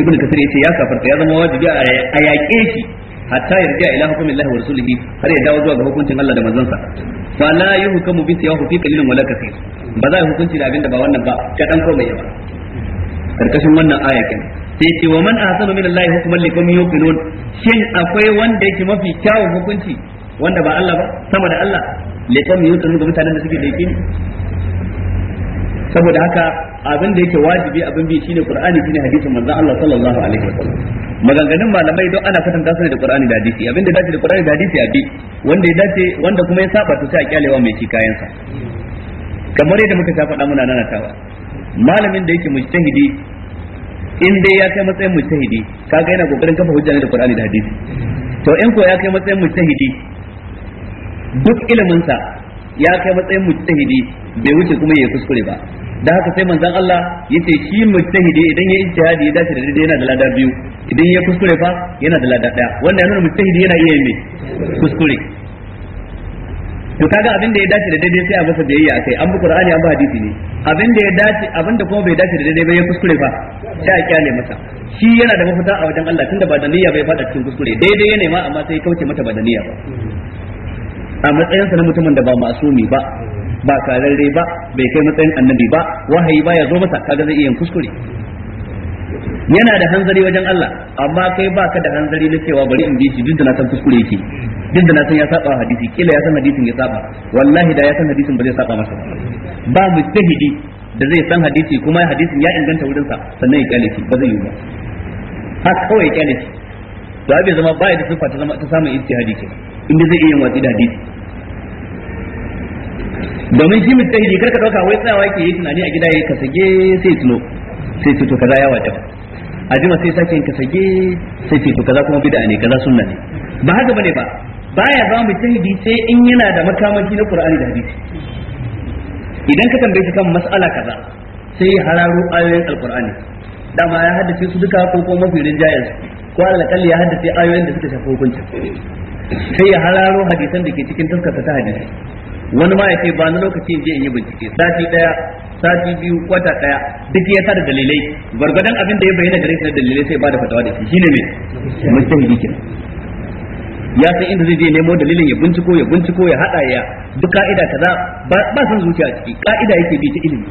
ibn kasir yace ya kafarta ya zama wajibi a yaƙe shi hatta yarda ila hukumin Allah wa rasulihi har ya dawo zuwa ga hukuncin Allah da manzansa fa la yuhkamu bi siyahu fi qalilin wala kathir ba za a hukunci da abinda ba wannan ba dan ko mai ba karkashin wannan aya kenan sai ce wa man ahsanu min Allah hukman liqawmin yuqinun shin akwai wanda yake mafi kyawun hukunci wanda ba Allah ba sama da Allah le kam yi tsaro ga mutanen da suke da yake saboda haka abin da yake wajibi abin bi shine qur'ani shine hadisin manzo Allah sallallahu alaihi wasallam maganganun malamai don ana kwatanta su ne da qur'ani da hadisi abin da dace da qur'ani da hadisi abi bi wanda ya dace wanda kuma ya saba to sai a kyalewa mai shi kayansa kamar yadda muka ta faɗa muna tawa malamin da yake mujtahidi in dai ya kai matsayin mujtahidi kaga yana kokarin kafa hujja ne da qur'ani da hadisi to in ko ya kai matsayin mujtahidi duk sa ya kai matsayin mujtahidi bai wuce kuma ya kuskure ba da haka sai manzon Allah yace shi mujtahidi idan ya ijtihadi ya dace da dai-dai yana da lada biyu idan ya kuskure fa yana da lada daya wanda yana mujtahidi yana iya yin kuskure to kaga abin da ya dace da daidai sai a masa biyayya akai an bi qur'ani an bi hadisi ne abin da ya dace abin da kuma bai dace da daidai ba ya kuskure fa sai a kyale masa shi yana da mafita a wajen Allah tunda ba da niyya bai fada cikin kuskure daidai yana ma amma sai kauce mata ba da niyya ba a matsayinsa na mutumin da ba masumi ba ba kararre ba bai kai matsayin annabi ba wahayi ba ya zo masa kaga zai iya kuskure yana da hanzari wajen Allah amma kai baka da hanzari na cewa bari in bi shi duk da na san kuskure yake duk da na san ya saba hadisi kila ya san hadisin ya saba wallahi da ya san hadisin ba zai saba masa ba mujtahidi da zai san hadisi kuma hadisin ya inganta wurin sa sannan ya kyale shi ba zai yi ba haka kawai ya kyale shi to abin zama baya da sifa ta zama ta samu ijtihadi kenan inda zai iya watsi da hadisi domin shi mujtahidi kar ka dauka wai tsayawa yake yi tunani a gida yake kasage sai tuno sai ce to kaza ya wata a jima sai sake yin kasage sai ce to kaza kuma bid'a ne kaza sunna ne ba haka bane ba baya zama mujtahidi sai in yana da makamaki na Qur'ani da hadisi idan ka tambaye shi kan mas'ala kaza sai ya hararo ayoyin alqur'ani dama ya haddace su duka ko ko mafi rinjayen ko Allah kalli ya haddace ayoyin da suka shafi hukuncin sai ya hararo hadisan da ke cikin taskarsa ta hadisi wani ma ya ce ba na lokaci je in yi bincike sati daya sati biyu kwata daya duk ya tada dalilai gwargwadon abin da ya bayyana gare shi na dalilai sai ba da fatawa da shi shine me mujtahidi kenan ya san inda zai je nemo dalilin ya binciko ya binciko ya hada ya duk ka'ida kaza ba san zuciya ciki ka'ida yake bi ta ilimi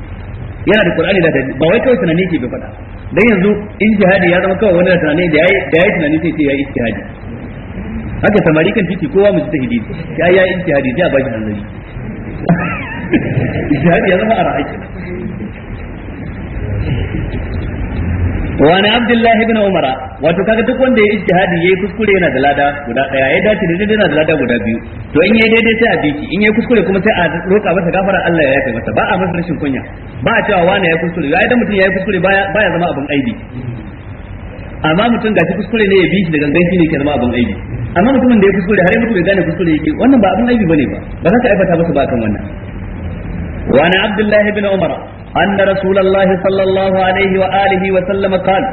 yana da qur'ani da ba wai kawai tunani ke bi faɗa dan yanzu ijtihadi ya zama kawai wani tunani da yayi da yayi tunani sai ya yi ijtihadi haka samari kan titi kowa mu ta hidi ya ya ijtihadi ya baki hanzari ijtihadi ya zama a kenan wa na abdullahi bin umara wato kaga duk wanda ya ya yi kuskure yana da lada guda daya ya dace da daidai yana da lada guda biyu to in yayi daidai sai a biki in ya yi kuskure kuma sai a roka masa gafara Allah ya yafe masa ba a masa rashin kunya ba a cewa wani ya yi kuskure ya idan mutum ya yi kuskure ba ya zama abin aibi amma mutum gashi kuskure ne ya bi shi da gangan ne ke zama abin aibi amma mutumin da ya kuskure har ya mutu bai gane kuskure yake wannan ba abin aibi bane ba ba za ka aibata masa ba kan wannan wa ana abdullahi ibn umar anna rasulullahi sallallahu alaihi wa alihi wa sallam qala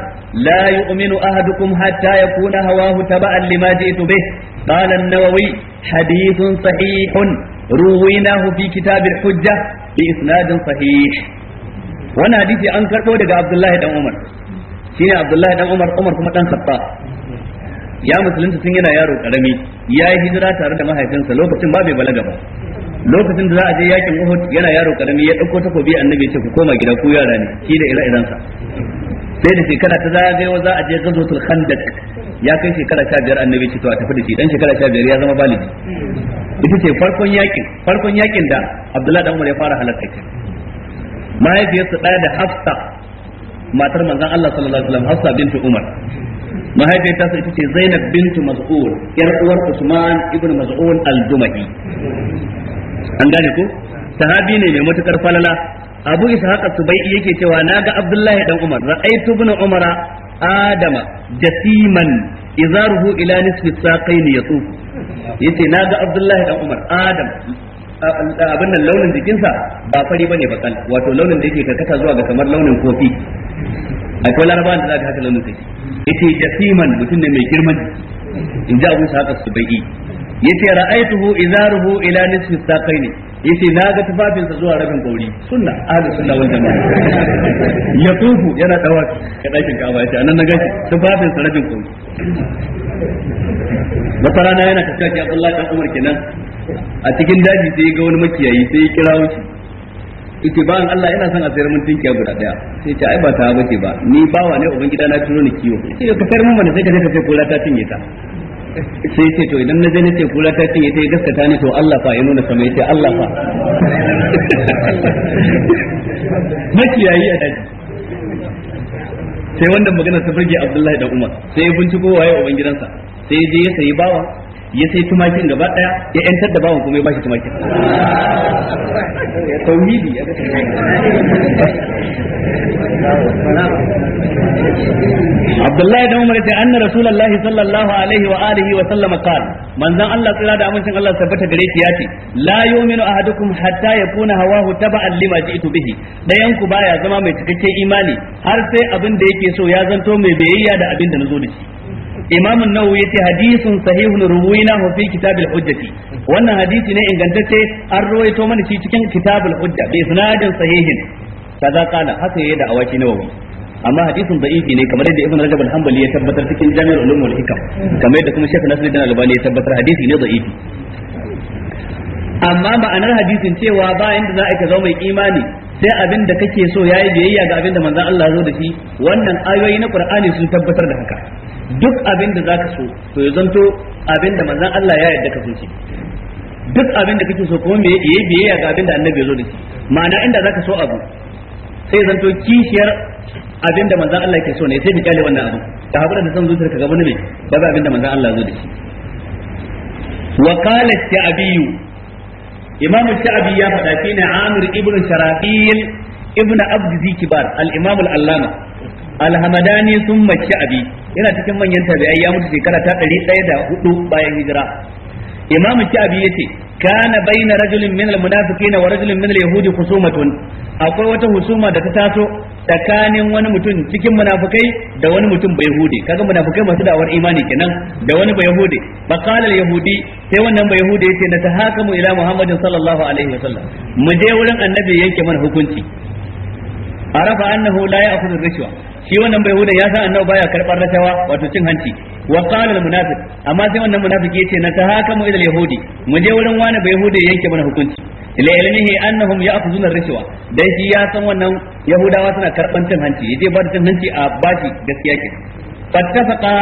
la yu'minu ahadukum hatta yakuna hawahu taba'an lima ji'tu bih قال النووي حديث صحيح رويناه في bi الحجة بإسناد صحيح hadisi an أنكر daga Abdullahi dan Umar. shine Abdullahi dan Umar Umar kuma dan Khattab ya musulunta tun yana yaro karami ya yi hijira tare da mahaifinsa lokacin ba bai balaga ba lokacin da za a je yakin Uhud yana yaro karami ya dauko takobi annabi ce ku koma gida ku yara ne shi da ire sa sai da shekara ta zagayo za a je gazotul khandak ya kai shekara sha biyar annabi ce to a tafi da shi dan shekara sha biyar ya zama balidi ita ce farkon yakin farkon yakin da abdullahi dan umar ya fara halarta ta mahaifiyarsa daya da hafsa matar manzon Allah sallallahu alaihi wasallam hafsa bint umar mahaifiyarta sai ce Zainab bintu Mas'ud yar uwar Usman ibn Mas'ud al dumahi an gane ko sahabi ne mai matukar falala Abu Ishaq Subai yake cewa naga Abdullahi dan Umar ra'aytu ibn Umar Adama jasiman izaruhu ila nisfi saqayni yatuf yace naga Abdullahi dan Umar Adam abin nan launin jikinsa ba fari bane bakal wato launin da yake karkata zuwa ga kamar launin kofi ko larabawan da za ka haka launin kashi yace jasiman mutum ne mai girman in ji abu sa haka su bai yace ra'aituhu izaruhu ila nisfi saqaini yace na ga tufafinsa zuwa rabin gauri sunna ahli sunna wal jamaa ya tufu yana dawa ka dakin ba yace anan na ga tufafinsa rabin gauri wata rana yana tafiya ki Abdullahi dan Umar kenan a cikin daji sai ga wani makiyayi sai ya kira wuce yace ba an Allah yana son a sayar mun tinkiya guda daya sai ce ai ba ta bace ba ni bawa ne uban gida na turo ni kiwo sai ka sayar mun bana sai ka sai ka sai kula ta tinye ta sai ce to idan na je na ce kula ta tinye ta gaskata ne to Allah fa ya nuna sama yace Allah fa makiyayi a daji sai wanda magana ta burge Abdullahi da Umar sai ya binciko waye uban gidansa sai je ya sayi bawa ya sai tumakin gaba daya ya yantar da bawan kuma ya bashi tumakin tauhidi Abdullahi dan Umar ce anna Rasulullah sallallahu alaihi wa alihi wa sallam qal manzon Allah tsira da amincin Allah tabbata gare shi yace la yu'minu ahadukum hatta yakuna hawahu taba'an lima ji'tu bihi dayan ku baya zama mai cikakken imani har sai abin da yake so ya zanto mai bayayya da abin da nazo da shi imam an-nawawi yace hadithun sahihun ruwaynahu fi kitab al-hujjati wannan hadisi ne ingantacce an ruwaito mana shi cikin kitab al-hujja bi isnadin sahihin kaza kana haka yayi da awaki nawa. amma hadisin da'ifi ne kamar yadda ibn rajab al-hanbali ya tabbatar cikin jami'ul ulum wal hikam kamar yadda kuma shaykh nasiruddin albani ya tabbatar hadisi ne da'ifi amma ma'anar hadisin cewa ba inda za a ka mai imani sai abin da kake so yayi biyayya ga abin da manzon Allah zo da shi wannan ayoyi na Qur'ani sun tabbatar da haka duk abin da zaka so to ya zanto abin da manzon Allah ya yarda ka so shi duk abin da kake so kuma me yayi biyayya ga abin da annabi ya zo da shi ma'ana inda zaka so abu sai zanto kishiyar abin da manzon Allah yake so ne sai mu kyale wannan abu da hakura da san zuciyarka ka gaba ne ba ga abin da manzon Allah ya zo da shi wa qala sha'bi imamu sha'bi ya fada fina amir ibn sharafil ibn abd zikibar al-imam al-allama alhamadani sun mace abi yana cikin manyan tabi'ai ya mutu shekara ta ɗari ɗaya da hudu bayan hijira imamu sha'abi yace kana baina rajulin min almunafiqin wa rajulin min alyahudi khusumatun akwai wata husuma da ta taso tsakanin wani mutum cikin munafikai da wani mutum bai yahudi kaga munafikai masu da'awar imani kenan da wani bai yahudi ba qala alyahudi sai wannan bai yahudi yace na tahakamu ila muhammadin sallallahu alaihi wasallam mu je wurin annabi yanke mana hukunci arafa annahu la ya'khudhu rishwa shi wannan bai huda ya annabi baya karbar rashawa wato cin hanci wa qala al munafiq amma sai wannan munafiki yace na mu ila al yahudi mu je wurin wani bai huda yanke mana hukunci ila ilmihi annahum ya'khudhuna rishwa dai shi ya san wannan yahudawa suna karban cin hanci yaje ba da cin hanci a bashi gaskiya ke fattafaqa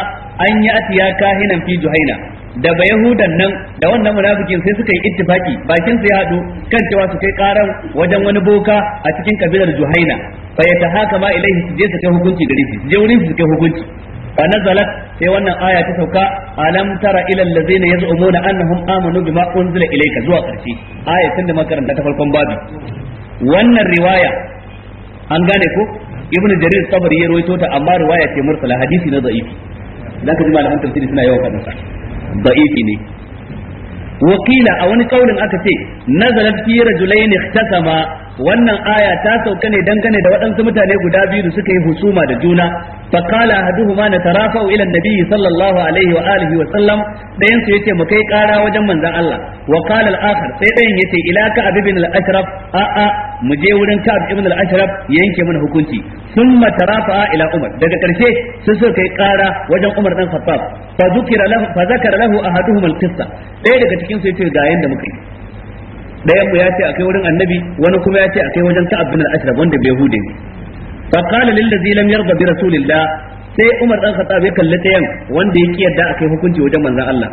an ya'tiya kahinan fi juhaina da ba yahudan nan da wannan munafikin sai suka yi ittifaki bakin su ya hadu kan cewa su kai karan wajen wani boka a cikin kabilar juhaina fa ma ilaihi su je su kai hukunci gare shi su je wurin su kai hukunci fa nazalat sai wannan aya ta sauka alam tara ila allazina yaz'umuna annahum amanu bima unzila ilayka zuwa karshe aya tun da makaranta ta farkon babu wannan riwaya an gane ko ibnu jarir sabari ya rawaito ta amma riwaya ce mursala hadisi na da'ifi dan ka ji malaman tafsiri suna yawan faɗin sa da'ifi ne wakila a wani kaulin aka ce nazalat fi rajulain ikhtasama wannan aya ta sauka ne dangane da waɗansu mutane guda biyu da suka yi husuma da juna fa qala ahaduhuma tarafa'u ila an sallallahu alaihi wa alihi wa sallam dayan su yace mu kai ƙara wajen manzon Allah wa qala al-akhar sai dayan yace ila ka ibn al-ashraf a a mu je wurin ka a al-ashraf yanke mana hukunci thumma tarafa'a ila umar daga karshe sai suka kai ƙara wajen umar dan khattab fa zukira lahu fa zakara lahu al-qissa ɗaya daga cikin su yace ga yanda muka yi ɗayan mu ya ce akai wurin annabi wani kuma ya ce akai wajen ka'ab bin al-ashraf wanda bai hude ne fa qala lil ladzi lam yarda bi rasulillah sai Umar dan Khattab ya kalli tayan wanda ya yarda akai hukunci wajen manzon Allah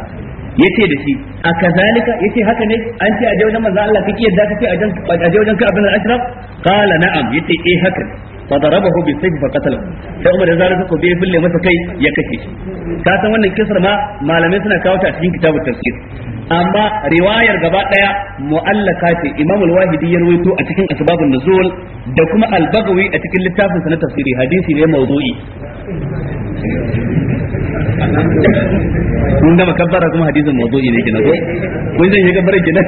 yace da shi a kazalika yace haka ne an ce a wajen manzon Allah kake yadda kake a wajen ka'ab bin al-ashraf qala na'am yace eh haka ne fa darabahu bi sayfi fa qatalahu sai Umar ya zara ta kobe fille masa kai ya kashe shi wannan kisar ma malamai suna kawo a cikin kitabut tafsir amma riwayar gaba daya mu'allaka ce Imam al-Wahidi ya rawaito a cikin asbabun nuzul da kuma al a cikin littafin sa na tafsiri hadisi ne mawdu'i kun gama kabbara kuma hadisin mawdu'i ne kenan ko kun zan yi kabbara kenan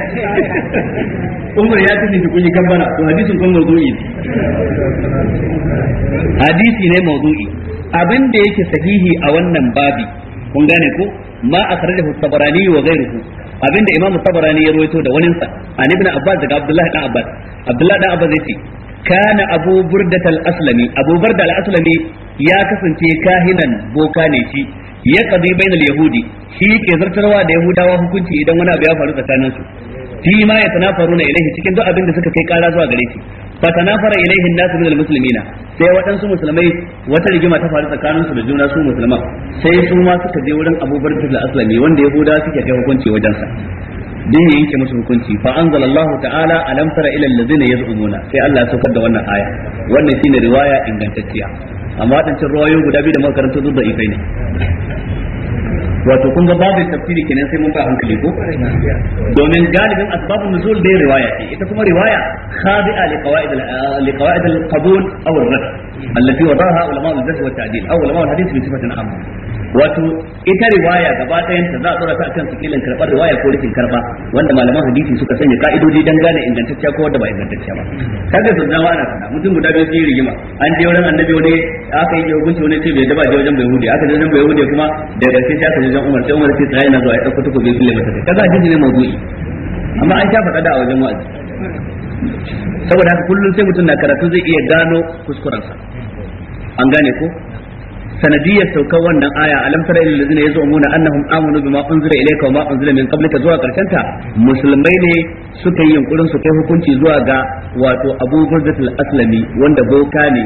umar ya tafi shi kunyi kabbara to hadisin kun mawdu'i hadisi ne mawdu'i abin da yake sahihi a wannan babi kun gane ko ma akhrajahu sabarani wa ghayruhu abinda imamu sabarani ya ruwaito da wani sa an ibn abbas daga abdullahi dan abbas abdullahi dan abbas yace kana abu burdatal aslami abu burdatal al-aslami ya kasance kahinan boka ne shi ya qadi bainal yahudi shi ke zartarwa da yahudawa hukunci idan wani abu ya faru tsakanin su fi ma yatanafaruna ilaihi cikin duk abin da suka kai kara zuwa gare shi fa tanafara ilaihi an-nasu minal muslimina sai waɗansu musulmai wata rigima ta faru tsakanin su da juna su musulman sai su ma suka je wurin Abu Bakar al-Aslami wanda yahudawa suke kai hukunci wajen sa din yanke musu hukunci fa anzalallahu ta'ala alam tara ila allazina yaz'umuna sai Allah ya saukar da wannan aya wannan shine riwaya ingantacciya amma wadancan ruwayo guda biyu da muka karanta duk da ifai ne wato kun ga babu tafsiri kenan sai mun ba hankali ko domin galibin asbabun nuzul dai riwaya ce ita kuma riwaya khadi'a li qawaid li qawaid al qabul aw ar-rad allati wadaha ulama al-jarh wa ta'dil aw ulama al-hadith bi sifatin amma wato ita riwaya gaba ɗayan ta za a tsora ta akan sikilin karɓar riwaya ko rikin karɓa wanda malaman hadisi suka sanya ka'idoji dan gane ingantacciya ko wanda ba ingantacciya ba kaga sun zama ana faɗa mutum guda biyu sun yi rigima an je wurin annabi wani aka yi hukunci wani ce bai daba je wajen bai hude aka je wajen bai hude kuma daga sai sai aka je wajen Umar sai Umar sai tsaye na zuwa ya ɗauka takobi bai kulle mata kai kaga hadisi ne mawdu'i amma an sha faɗa a wajen wa'azi saboda haka kullum sai mutum na karatu zai iya gano kuskurensa an gane ko sanadiyar saukar wannan aya alam tara ilal ladina yazumuna annahum amanu bima unzila ilayka wa ma unzila min qablika zuwa karshen ta musulmai ne suka yi yunkurin su kai hukunci zuwa ga wato Abu Burdatul Aslami wanda boka ne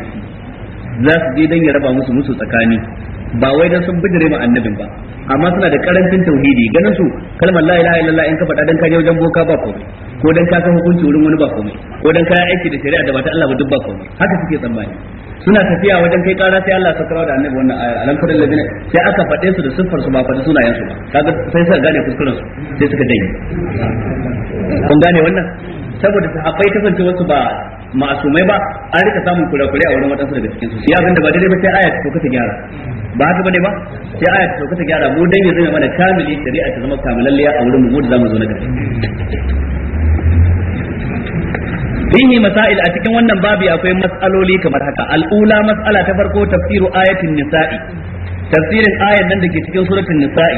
za su je dan ya raba musu musu tsakani ba wai dan sun bijire ma annabin ba amma suna da karancin tauhidi ganin su kalmar la ilaha illallah in ka faɗa dan ka je wajen boka ba komai ko dan ka san hukunci wurin wani ba komai ko dan ka aiki da shari'a da ba ta Allah ba duk ba komai haka suke tsammani suna tafiya wajen kai kara sai Allah ya sakara da annabi wannan ayar alam kadal ladina sai aka faɗe su da siffar su ba faɗi sunayen su ba kaga sai suka gane kuskuren su sai suka dai kun gane wannan saboda akwai kasancewar su ba ma'asumai ba an rika samun kurakure a wurin wadansu daga cikin su Ya abin da ba daidai ba sai aya ta sauka ta gyara ba haka bane ba sai aya ta sauka ta gyara mu dan ya zama mana kamili shari'a ta zama kamilalliya a wurin mu da zamu zo na gaba bihi masail a cikin wannan babu akwai mas'aloli kamar haka al'ula mas'ala ta farko tafsiru ayatin nisa'i tafsirin ayan nan da ke cikin suratul nisa'i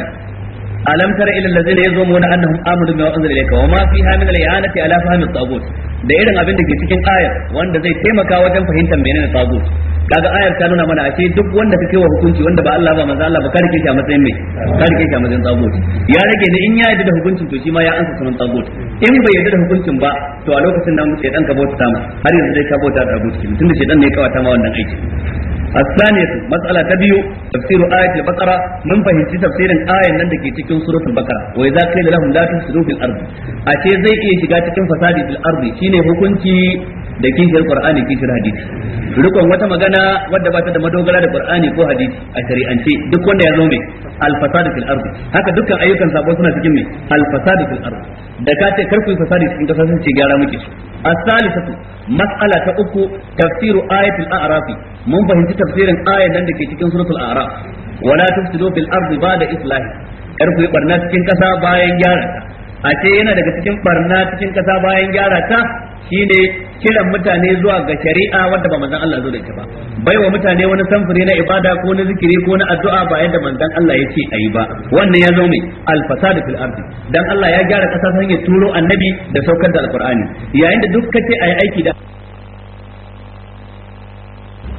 alam tara ila allazina yazumuna annahum amanu bima unzila ilayka wa ma fiha min al-i'anati ala fahmi at-tagut da irin abin da ke cikin ayar wanda zai taimaka wajen fahimtar menene tagut kaga ayar ta nuna mana ashe duk wanda kake wa hukunci wanda ba Allah ba manzo Allah ba karke shi a matsayin mai karke shi a matsayin tagut ya rage ne in ya yarda da hukuncin to shi ma ya ansa sunan tagut in bai yarda da hukuncin ba to a lokacin nan shedan ka bauta har yanzu dai ka bauta da tagut tunda shedan ne ya kawata ma wannan aiki الثانية مسألة تبيو تفسير آية البقرة من فهم تفسير آية عندك تكون سورة البقرة وإذا قيل لهم لا تفسدوا في الأرض أشي زي إيه شكا تكون فساد في الأرض شيني hukunci da kishiyar Qur'ani kishiyar hadisi rukun wata magana wadda bata da madogara da Qur'ani ko hadisi a shari'ance duk wanda ya zo mai al-fasad fil haka dukkan ayyukan sabo suna cikin mai al-fasad fil ard da ka ce kar ku fasadi cikin kasa sun ce gyara muke su as-salisatu mas'ala ta uku tafsiru ayatul a'rafi mun fahimci tafsirin ayan nan da ke cikin suratul ara wala tufsidu fil ardi ba'da islahi kar ku yi barna cikin kasa bayan gyara ta a ce yana daga cikin barna cikin kasa bayan gyara ta shine kiran mutane zuwa ga shari'a wadda ba manzon Allah zo da ita ba wa mutane wani samfuri na ibada ko na zikiri ko na addu'a ba yadda manzon Allah ya ce ayi ba wannan ya zo mai al-fasad fil ardi dan Allah ya gyara kasa ta hanyar turo annabi da saukar da alqur'ani yayin da duk kace ayi aiki da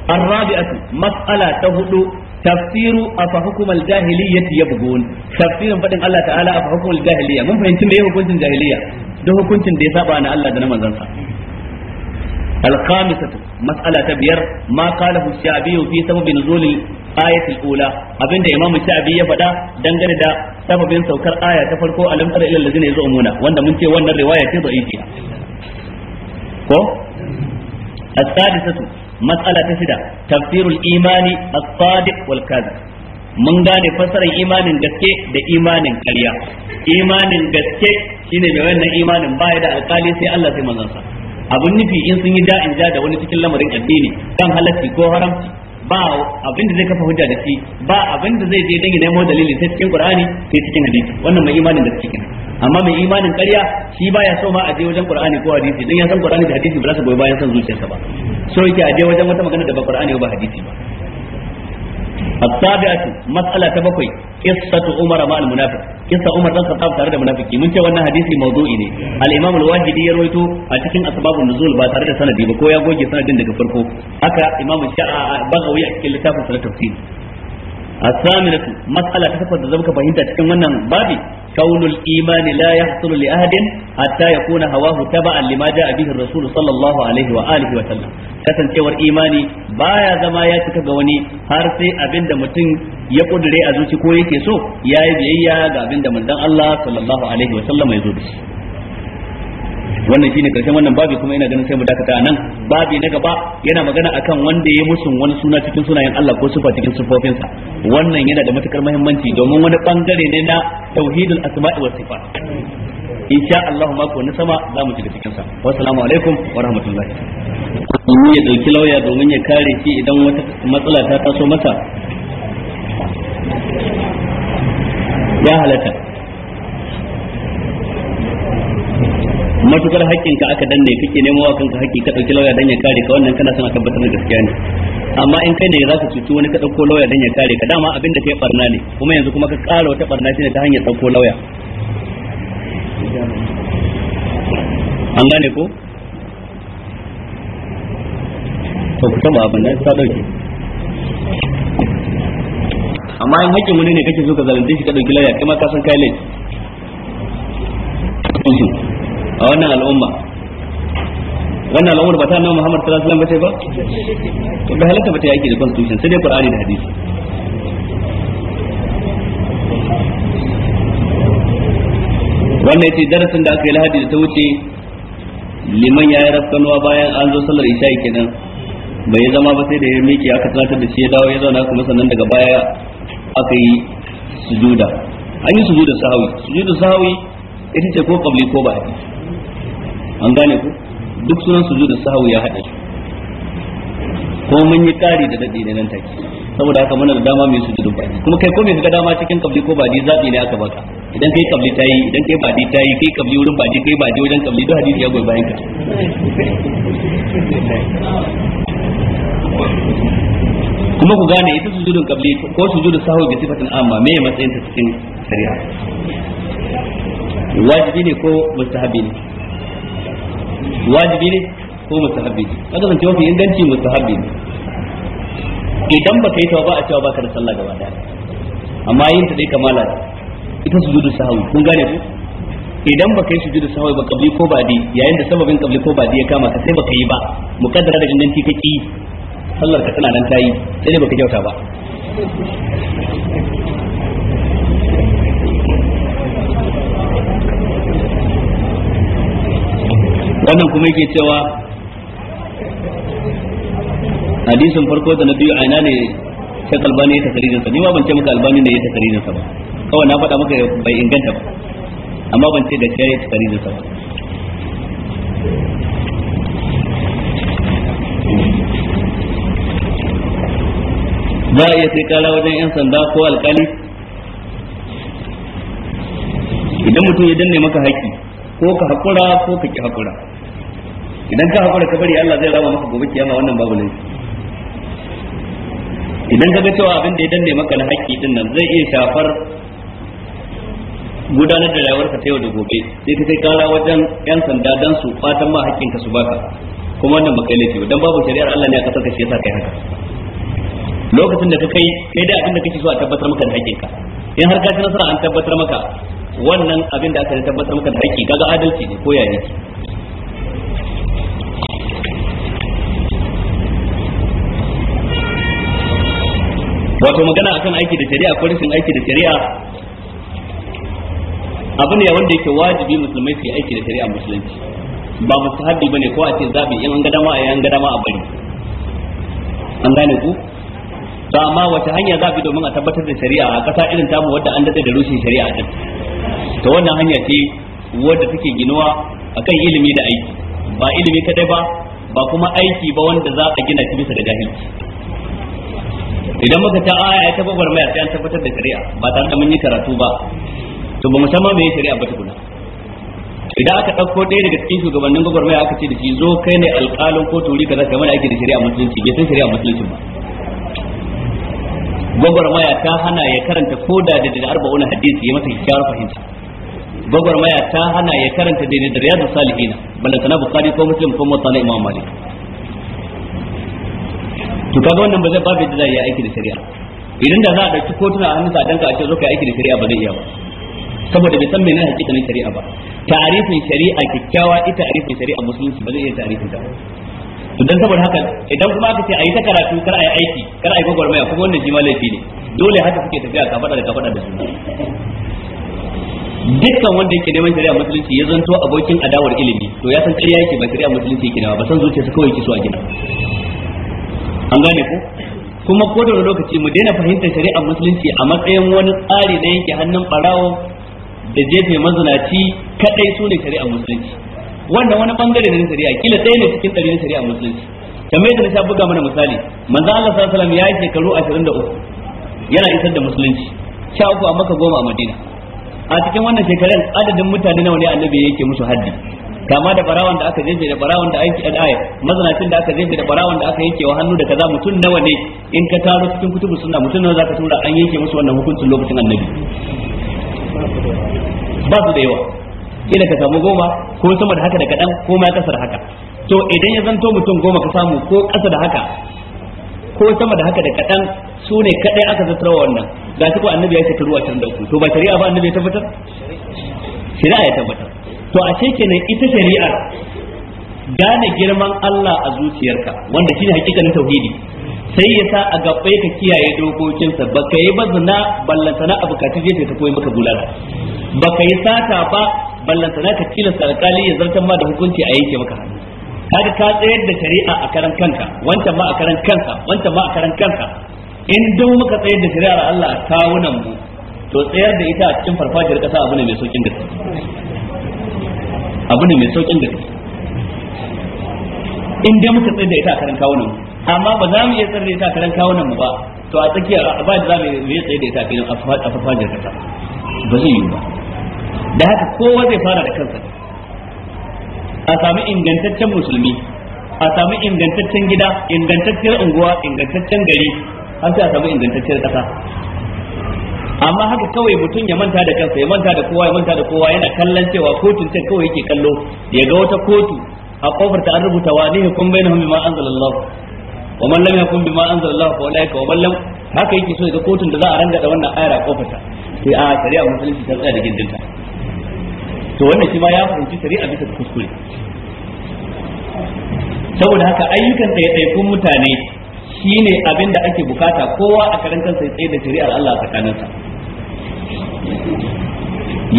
الرابعة مسألة تهدو تفسير أفحكم الجاهلية يبغون تفسير فدن الله تعالى أفحكم الجاهلية من فهمتم إيه كنت جاهلية ده كنت دي سابع أنا الله دنا مزنسا الخامسة مسألة تبير ما قاله الشعبي في سبب نزول الآية الأولى أبين إمام الشعبي يفدا دنجل دا سبب سوكر آية تفرقوا ألم تر إلى الذين يزعمون وأن من تي وأن الرواية ضعيفة ko السادسة matsala ta shida tafsirul imani as-sadiq wal kadhib mun gane fasarar imanin gaske da imanin ƙarya imanin gaske shine mai wannan imanin baya da alƙali sai Allah sai manzansa abun nufi in sun yi da'in ja da wani cikin lamarin addini kan halatti ko haramci ba abin da zai kafa hujja da shi ba abin da zai je dangi nemo dalili sai cikin Qur'ani sai cikin hadisi wannan mai imanin gaske kenan amma mai imanin ƙarya shi baya so ma a je wajen qur'ani ko hadisi dan ya san qur'ani da hadisi ba za su goyi bayan san zuciyarsa ba so yake a je wajen wata magana da ba qur'ani ba hadisi ba السابعة مسألة بقي قصة عمر مع المنافق قصة عمر بن الخطاب تارد منافقي من وانا حديثي موضوعي ne الإمام الواجدي يرويته أتكين أسباب النزول ya goge سنة دي farko. Aka سنة دي فرقو أكا إمام الشاعة cikin كل تافة تفسير الثامنة مسألة تفضل ذلك فهمت تكون بابي كون الإيمان لا يحصل لأحد حتى يكون هواه تبعا لما جاء به الرسول صلى الله عليه وآله وسلم كسن كور إيماني بايا زما ياتك غوني هارسي أبن دمتن يقول لي أزوتي كويكي سو يا إبيا أبن دمتن الله صلى الله عليه وسلم يزوبش wannan shine karshen wannan babi kuma ina ganin sai mu dakata nan babi na gaba yana magana akan wanda ya musun wani suna cikin sunayen Allah ko sifa cikin sifofinsa wannan yana da matukar muhimmanci domin wani bangare ne na tauhidul asma'i was sifat insha Allah mako na sama za mu shiga cikin sa assalamu alaikum wa rahmatullahi ni ya dauki lauya domin ya kare shi idan wata matsala ta taso masa ya halatta matukar haƙƙin ka aka danne kake nemo wa kanka hakki ka dauki lawyer dan ya kare ka wannan kana son a tabbatar da gaskiya ne amma in kai ne za ka cuci wani ka dauko lawyer dan ya kare ka dama abin da kai barna ne kuma yanzu kuma ka kara wata barna shine ta hanyar dauko lawyer an gane ko to ku taba abin da ta dauke amma in haƙƙin wani ne kake so ka zalunce shi ka dauki lawyer kai ma ka san kai laifi a wannan al'umma wannan al'ummar ba ta nan Muhammad sallallahu alaihi wasallam ba ce ba to bai halatta ba ta yake da constitution sai dai Qur'ani da hadisi wannan yace darasin da aka yi lahadi da ta wuce liman ya yi rafkanuwa bayan an zo sallar isha'i kenan bai zama ba sai da ya miƙe aka tsatar da shi ya dawo ya zauna kuma sannan daga baya aka yi sujuda an yi sujuda sahawi sujuda sahawi ita ce ko kabli ko ba an gane ku duk sunan da sahwi ya hada shi ko mun yi kari da dadi da nan take saboda haka muna da dama mai sujudu baki kuma kai ko me kaga dama cikin kabli ko baji zabi ne aka baka idan kai kabli tayi idan kai badi tayi kai kabli wurin baji kai baji wajen kabli duk hadisi ya goyi bayan ka kuma ku gane ita sujudin kabli ko sujudin sahwi bi sifatin amma me matsayin ta cikin shari'a wajibi ne ko mustahabi ne wajibi ne ko mustahabbi ne kaga zance mafi inganci mustahabbi ne idan baka yi ta ba a cewa ba ka da sallah gaba daya amma yin ta dai kamala ita sujudu sahwi kun gane ku idan baka yi sujudu sahwi ba kabli ko badi yayin da sababin kabli ko badi ya kama ka sai baka yi ba mukaddara da inganci kake sallar ka tana nan tayi sai ba baka kyauta ba kuma yake cewa hadisin farko da na biyu a ina ne shek albani ya tasirinsa ni ma ban ce maka albani ne ya tasirinsa ba kawai na faɗa maka bai inganta ba amma ban ce da shi ya tasirinsa ba za a iya sai kala wajen 'yan sanda ko alkali idan mutum ya danne maka haƙƙi ko ka haƙura ko ka ƙi haƙura idan ka hakura ka bari Allah zai rama maka gobe kiyama wannan babu ne idan ka ga cewa abin da ya danne maka na haƙƙi din nan zai iya shafar gudanar da rayuwarka ta yau da gobe sai ka kai kara wajen yan sanda dan su fatan ma ka su baka kuma wannan baka laifi ba dan babu shari'ar Allah ne a kasar ka shi yasa kai haka lokacin da ka kai kai da abin da kake so a tabbatar maka da haƙƙinka in har ka ci nasara an tabbatar maka wannan abin da aka tabbatar maka da haƙƙi kaga adalci ne ko yaya ne wato magana akan aiki da shari'a ko rashin aiki da shari'a abu ne wanda yake wajibi musulmai su yi aiki da shari'a musulunci ba haddi bane ko a ce zabi in an gadama a an gadama a bari an gane ku to amma wata hanya za bi domin a tabbatar da shari'a a ƙasa irin tamu wadda an dace da rushin shari'a din to wannan hanya ce wadda take ginuwa akan ilimi da aiki ba ilimi kadai ba ba kuma aiki ba wanda za a gina shi bisa da jahilci idan muka ta aya ta babar maya sai an tabbatar da shari'a ba tare da mun yi karatu ba to ba musamman me shari'a ba tukuna idan aka ɗauko ɗaya daga cikin shugabannin mai aka ce da shi zo kai ne alƙalin ko turi kaza kamar ake da shari'a musulunci bai san shari'a musulunci ba mai ta hana ya karanta koda da daga arba'una hadisi ya masa kyakkyawar fahimta mai ta hana ya karanta daidai da riyadu salihina balantana bukari ko muslim ko mutane imam malik to kaga wannan ba zai babu da zai yi aiki da shari'a idan da za a dauki kotuna a hannun a danka a ce zo kai aiki da shari'a ba zai iya ba saboda bai san menene hakikanin shari'a ba tarifin shari'a kikkiawa ita tarifin shari'a musulunci ba zai iya tarifin ta to dan saboda haka idan kuma aka ce ayi ta karatu kar ayi aiki kar ayi gwagwarmaya kuma wannan shi ma laifi ne dole haka kuke tafiya ka fada da ka fada da su dukkan wanda yake neman shari'a musulunci ya zanto abokin adawar ilimi to ya san ƙarya yake ba shari'a musulunci yake nawa ba san zuciya su kawai yake so a gina an gane ko kuma ko da lokaci mu daina fahimtar shari'ar musulunci a matsayin wani tsari na yanke hannun barawo da jefe mazinaci kadai su ne shari'ar musulunci wannan wani bangare ne na shari'a kila ɗaya ne cikin ɗari na shari'ar musulunci kamar yadda na sha buga mana misali manzo Allah sallallahu alaihi wasallam ya yi shekaru 23 yana isar da musulunci sha uku a maka goma a madina a cikin wannan shekaran adadin mutane nawa ne annabi yake musu haddi kama da barawan da aka jefe da barawan da ake eh, al'aya mazanacin da aka jefe da barawan da aka yanke wa hannu da kaza mutum nawa ne in ka taro cikin kutubu sunna mutum nawa zaka tura an yanke musu wannan hukuncin lokacin annabi ba su da yawa kila ka samu goma ko sama da haka da kadan ko ma kasar haka to idan ya zanto mutum goma ka samu ko kasa da haka ko sama da haka da kadan su ne kadai aka zartarwa wannan ga shi ko annabi ya da 23 to ba shari'a ba annabi ya tabbatar shari'a ya tabbatar to a ce kenan ita shari'a gane girman Allah a zuciyarka wanda shine hakikalin tauhidi sai ya sa a gabbai ka kiyaye dokokinsa ba ka yi mazina ballantana a bukatu zai ta koyi maka bulala ba ka yi sata ba na ka tilasta alkali ya zartan ma da hukunci a yanke maka Haka kaga ka tsayar da shari'a a karan kanka wancan ma a karan kanka, wancan ma a karan kanka, in duk muka tsayar da shari'ar Allah a kawunan mu to tsayar da ita a cikin farfajiyar kasa abu ne mai saukin gaske abu ne mai saukin gaske in dai muka tsaye da ita a karan kawunan amma ba za mu iya tsaye da ita a karan kawunan mu ba to a tsakiya ba da za mu iya tsaye da ita a filin a farfajiyar kasa ba zai yi ba da haka kowa zai fara da kansa a sami ingantaccen musulmi a sami ingantaccen gida ingantacciyar unguwa ingantaccen gari har sai a sami ingantacciyar kasa amma haka kawai mutum ya manta da kansa ya manta da kowa ya manta da kowa yana kallon cewa kotun can kawai yake kallo ya ga wata kotu a kofar ta an rubuta wa ne hukum bainahum bima anzalallahu wa man lam yakun bima anzalallahu fa ulaika wa man lam haka yake so ya ga kotun da za a ranga da wannan ayar a kofar ta sai a shari'a musulunci ta tsaya da gindinta to wannan shi ma ya fahimci shari'a bisa kuskure saboda haka ayyukan ɗaiɗaikun mutane shine abin da ake bukata kowa a karantar kansa ya tsaye da shari'ar Allah tsakaninsa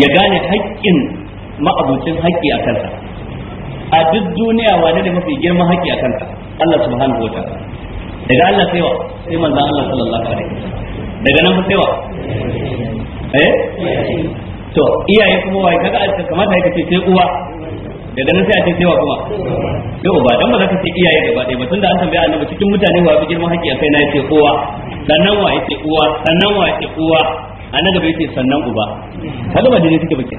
ya gane haƙƙin ma'abucin haƙƙi a kansa a duk duniya wane ne mafi girman haƙƙi a kansa Allah subhanahu wa ta'ala daga Allah sai wa sai manzon Allah sallallahu alaihi wasallam daga nan sai wa eh to iyaye kuma wai kaga a kamata yake ce sai uwa daga nan sai a ce sai wa kuma Yau ba dan ba za ka ce iyaye gaba ɗaya ba tunda an tambaya annabi cikin mutane wa bi girman haƙƙi a kai na yace uwa sannan wa yace uwa sannan wa yace uwa a na bai ce sannan uba kaga ba daidai take ba ke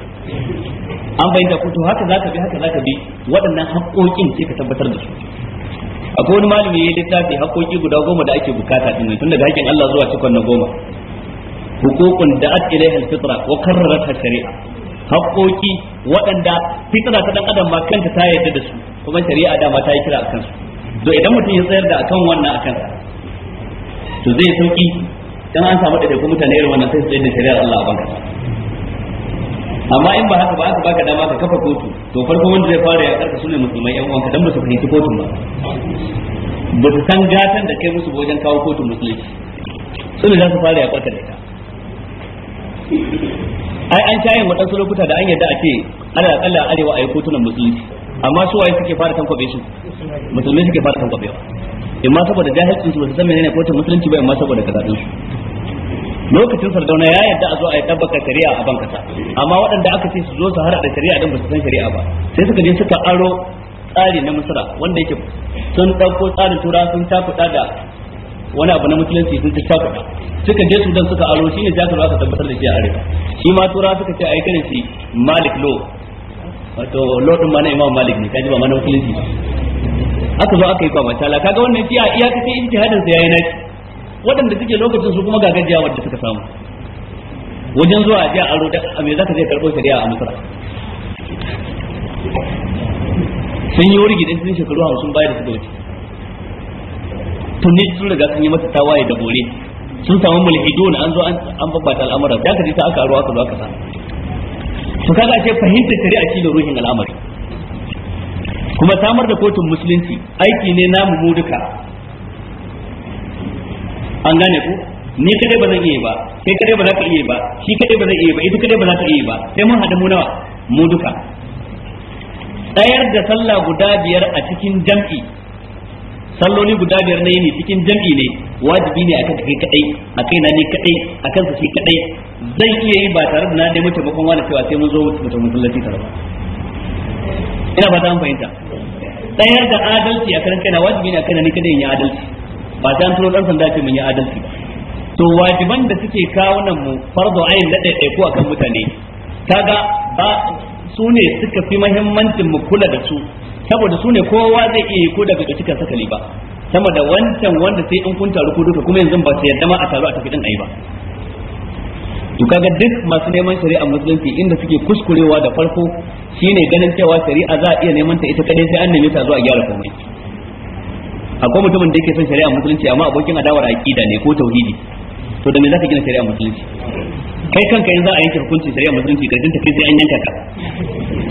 an bayyana ku to haka zaka bi haka zaka bi waɗannan haƙoƙin sai ka tabbatar da su akwai wani malami ya littafi haƙoƙi guda goma da ake bukata din tun daga haƙƙin Allah zuwa cikon na goma hukukun da ilaiha Alfitra fitra wa karrarat shari'a haƙoƙi waɗanda fitra ta dan adam ma kanta ta yarda da su kuma shari'a dama ta yi kira akan su to idan mutum ya tsayar da akan wannan akan to zai sauki dan an samu ɗaiɗaikun mutane irin wannan sai su tsaye da shari'ar Allah a banka amma in ba haka ba aka baka dama ka kafa kotu to farko wanda zai fara ya karka sunan musulmai yan uwanka dan ba su fahimci kotun ba ba su san gatan da kai musu wajen kawo kotun musulunci sune za su fara ya karka da ita ai an shayin waɗansu lokuta da an yadda a ce ana akalla arewa a yi kotunan musulunci amma su waye suke fara tankwabe shi musulmai suke fara tankwabewa Amma saboda jahilcin su ba su san menene kotun musulunci ba imma saboda kazadin su lokacin sardauna ya yadda a zo a yi tabbaka shari'a a bankasa amma waɗanda aka ce su zo su hada da shari'a don ba su san shari'a ba sai suka je suka aro tsari na misra wanda yake sun ɗauko tsarin tura sun takuɗa da wani abu na musulunci sun takuɗa suka je su dan suka aro shine su aka tabbatar da shi a arewa shi ma tura suka ce a yi shi malik lo wato lo ɗin ma na imam malik ne kaji ba ma na musulunci aka zo aka yi kwamata la kaga wannan shi a iyakacin ijtihadin sa yayi naki waɗanda suke lokacin su kuma gagajiya wadda suka samu wajen zuwa a jiya aro a me zaka je karɓo shari'a a misra sun yi wuri gidan cikin shekaru hamsin baya da suka wuce tunis sun riga sun yi mata tawaye da bore sun samu na an zo an babbata al'amura da ka ji ta aka aro aka zo aka sa to kaga ce fahimtar shari'a shi da ruhin al'amari kuma samar da kotun musulunci aiki ne namu mu duka an gane ku ni kadai ba zan iya ba kai kadai ba za ka iya ba shi kadai ba zai iya ba ita kadai ba za ta iya ba sai mun haɗa mu nawa mu duka tsayar da sallah guda biyar a cikin jam'i salloli guda biyar na yini cikin jam'i ne wajibi ne akan kai kadai akai na ne kadai akan su shi kadai zan iya yi ba tare da na mutum taimakon wani cewa sai mun zo mutum musallaci tare ba ina ba ta fahimta tsayar da adalci a karan kaina wajibi ne akan ne kadai yin adalci ba ta turo dan sanda ce mun yi adalci ba to wajiban da suke kawo nan mu farzo ayin da ko akan mutane kaga ba su ne suka fi muhimmancin mu kula da su saboda su ne kowa zai iya ko daga ga cikin sakali ba sama da wancan wanda sai in kun taru ko duka kuma yanzu ba su yadda ma a taru a tafi din ayi ba to kaga duk masu neman shari'a musulunci inda suke kuskurewa da farko shine ganin cewa shari'a za a iya neman ta ita kadai sai an neme ta zuwa gyara komai akwai mutumin da yake son shari'a musulunci amma abokin adawar aqida ne ko tauhidi to da me zaka gina shari'a musulunci kai kanka yanzu a yanke hukuncin shari'a musulunci karshen ta kai sai an yanka ka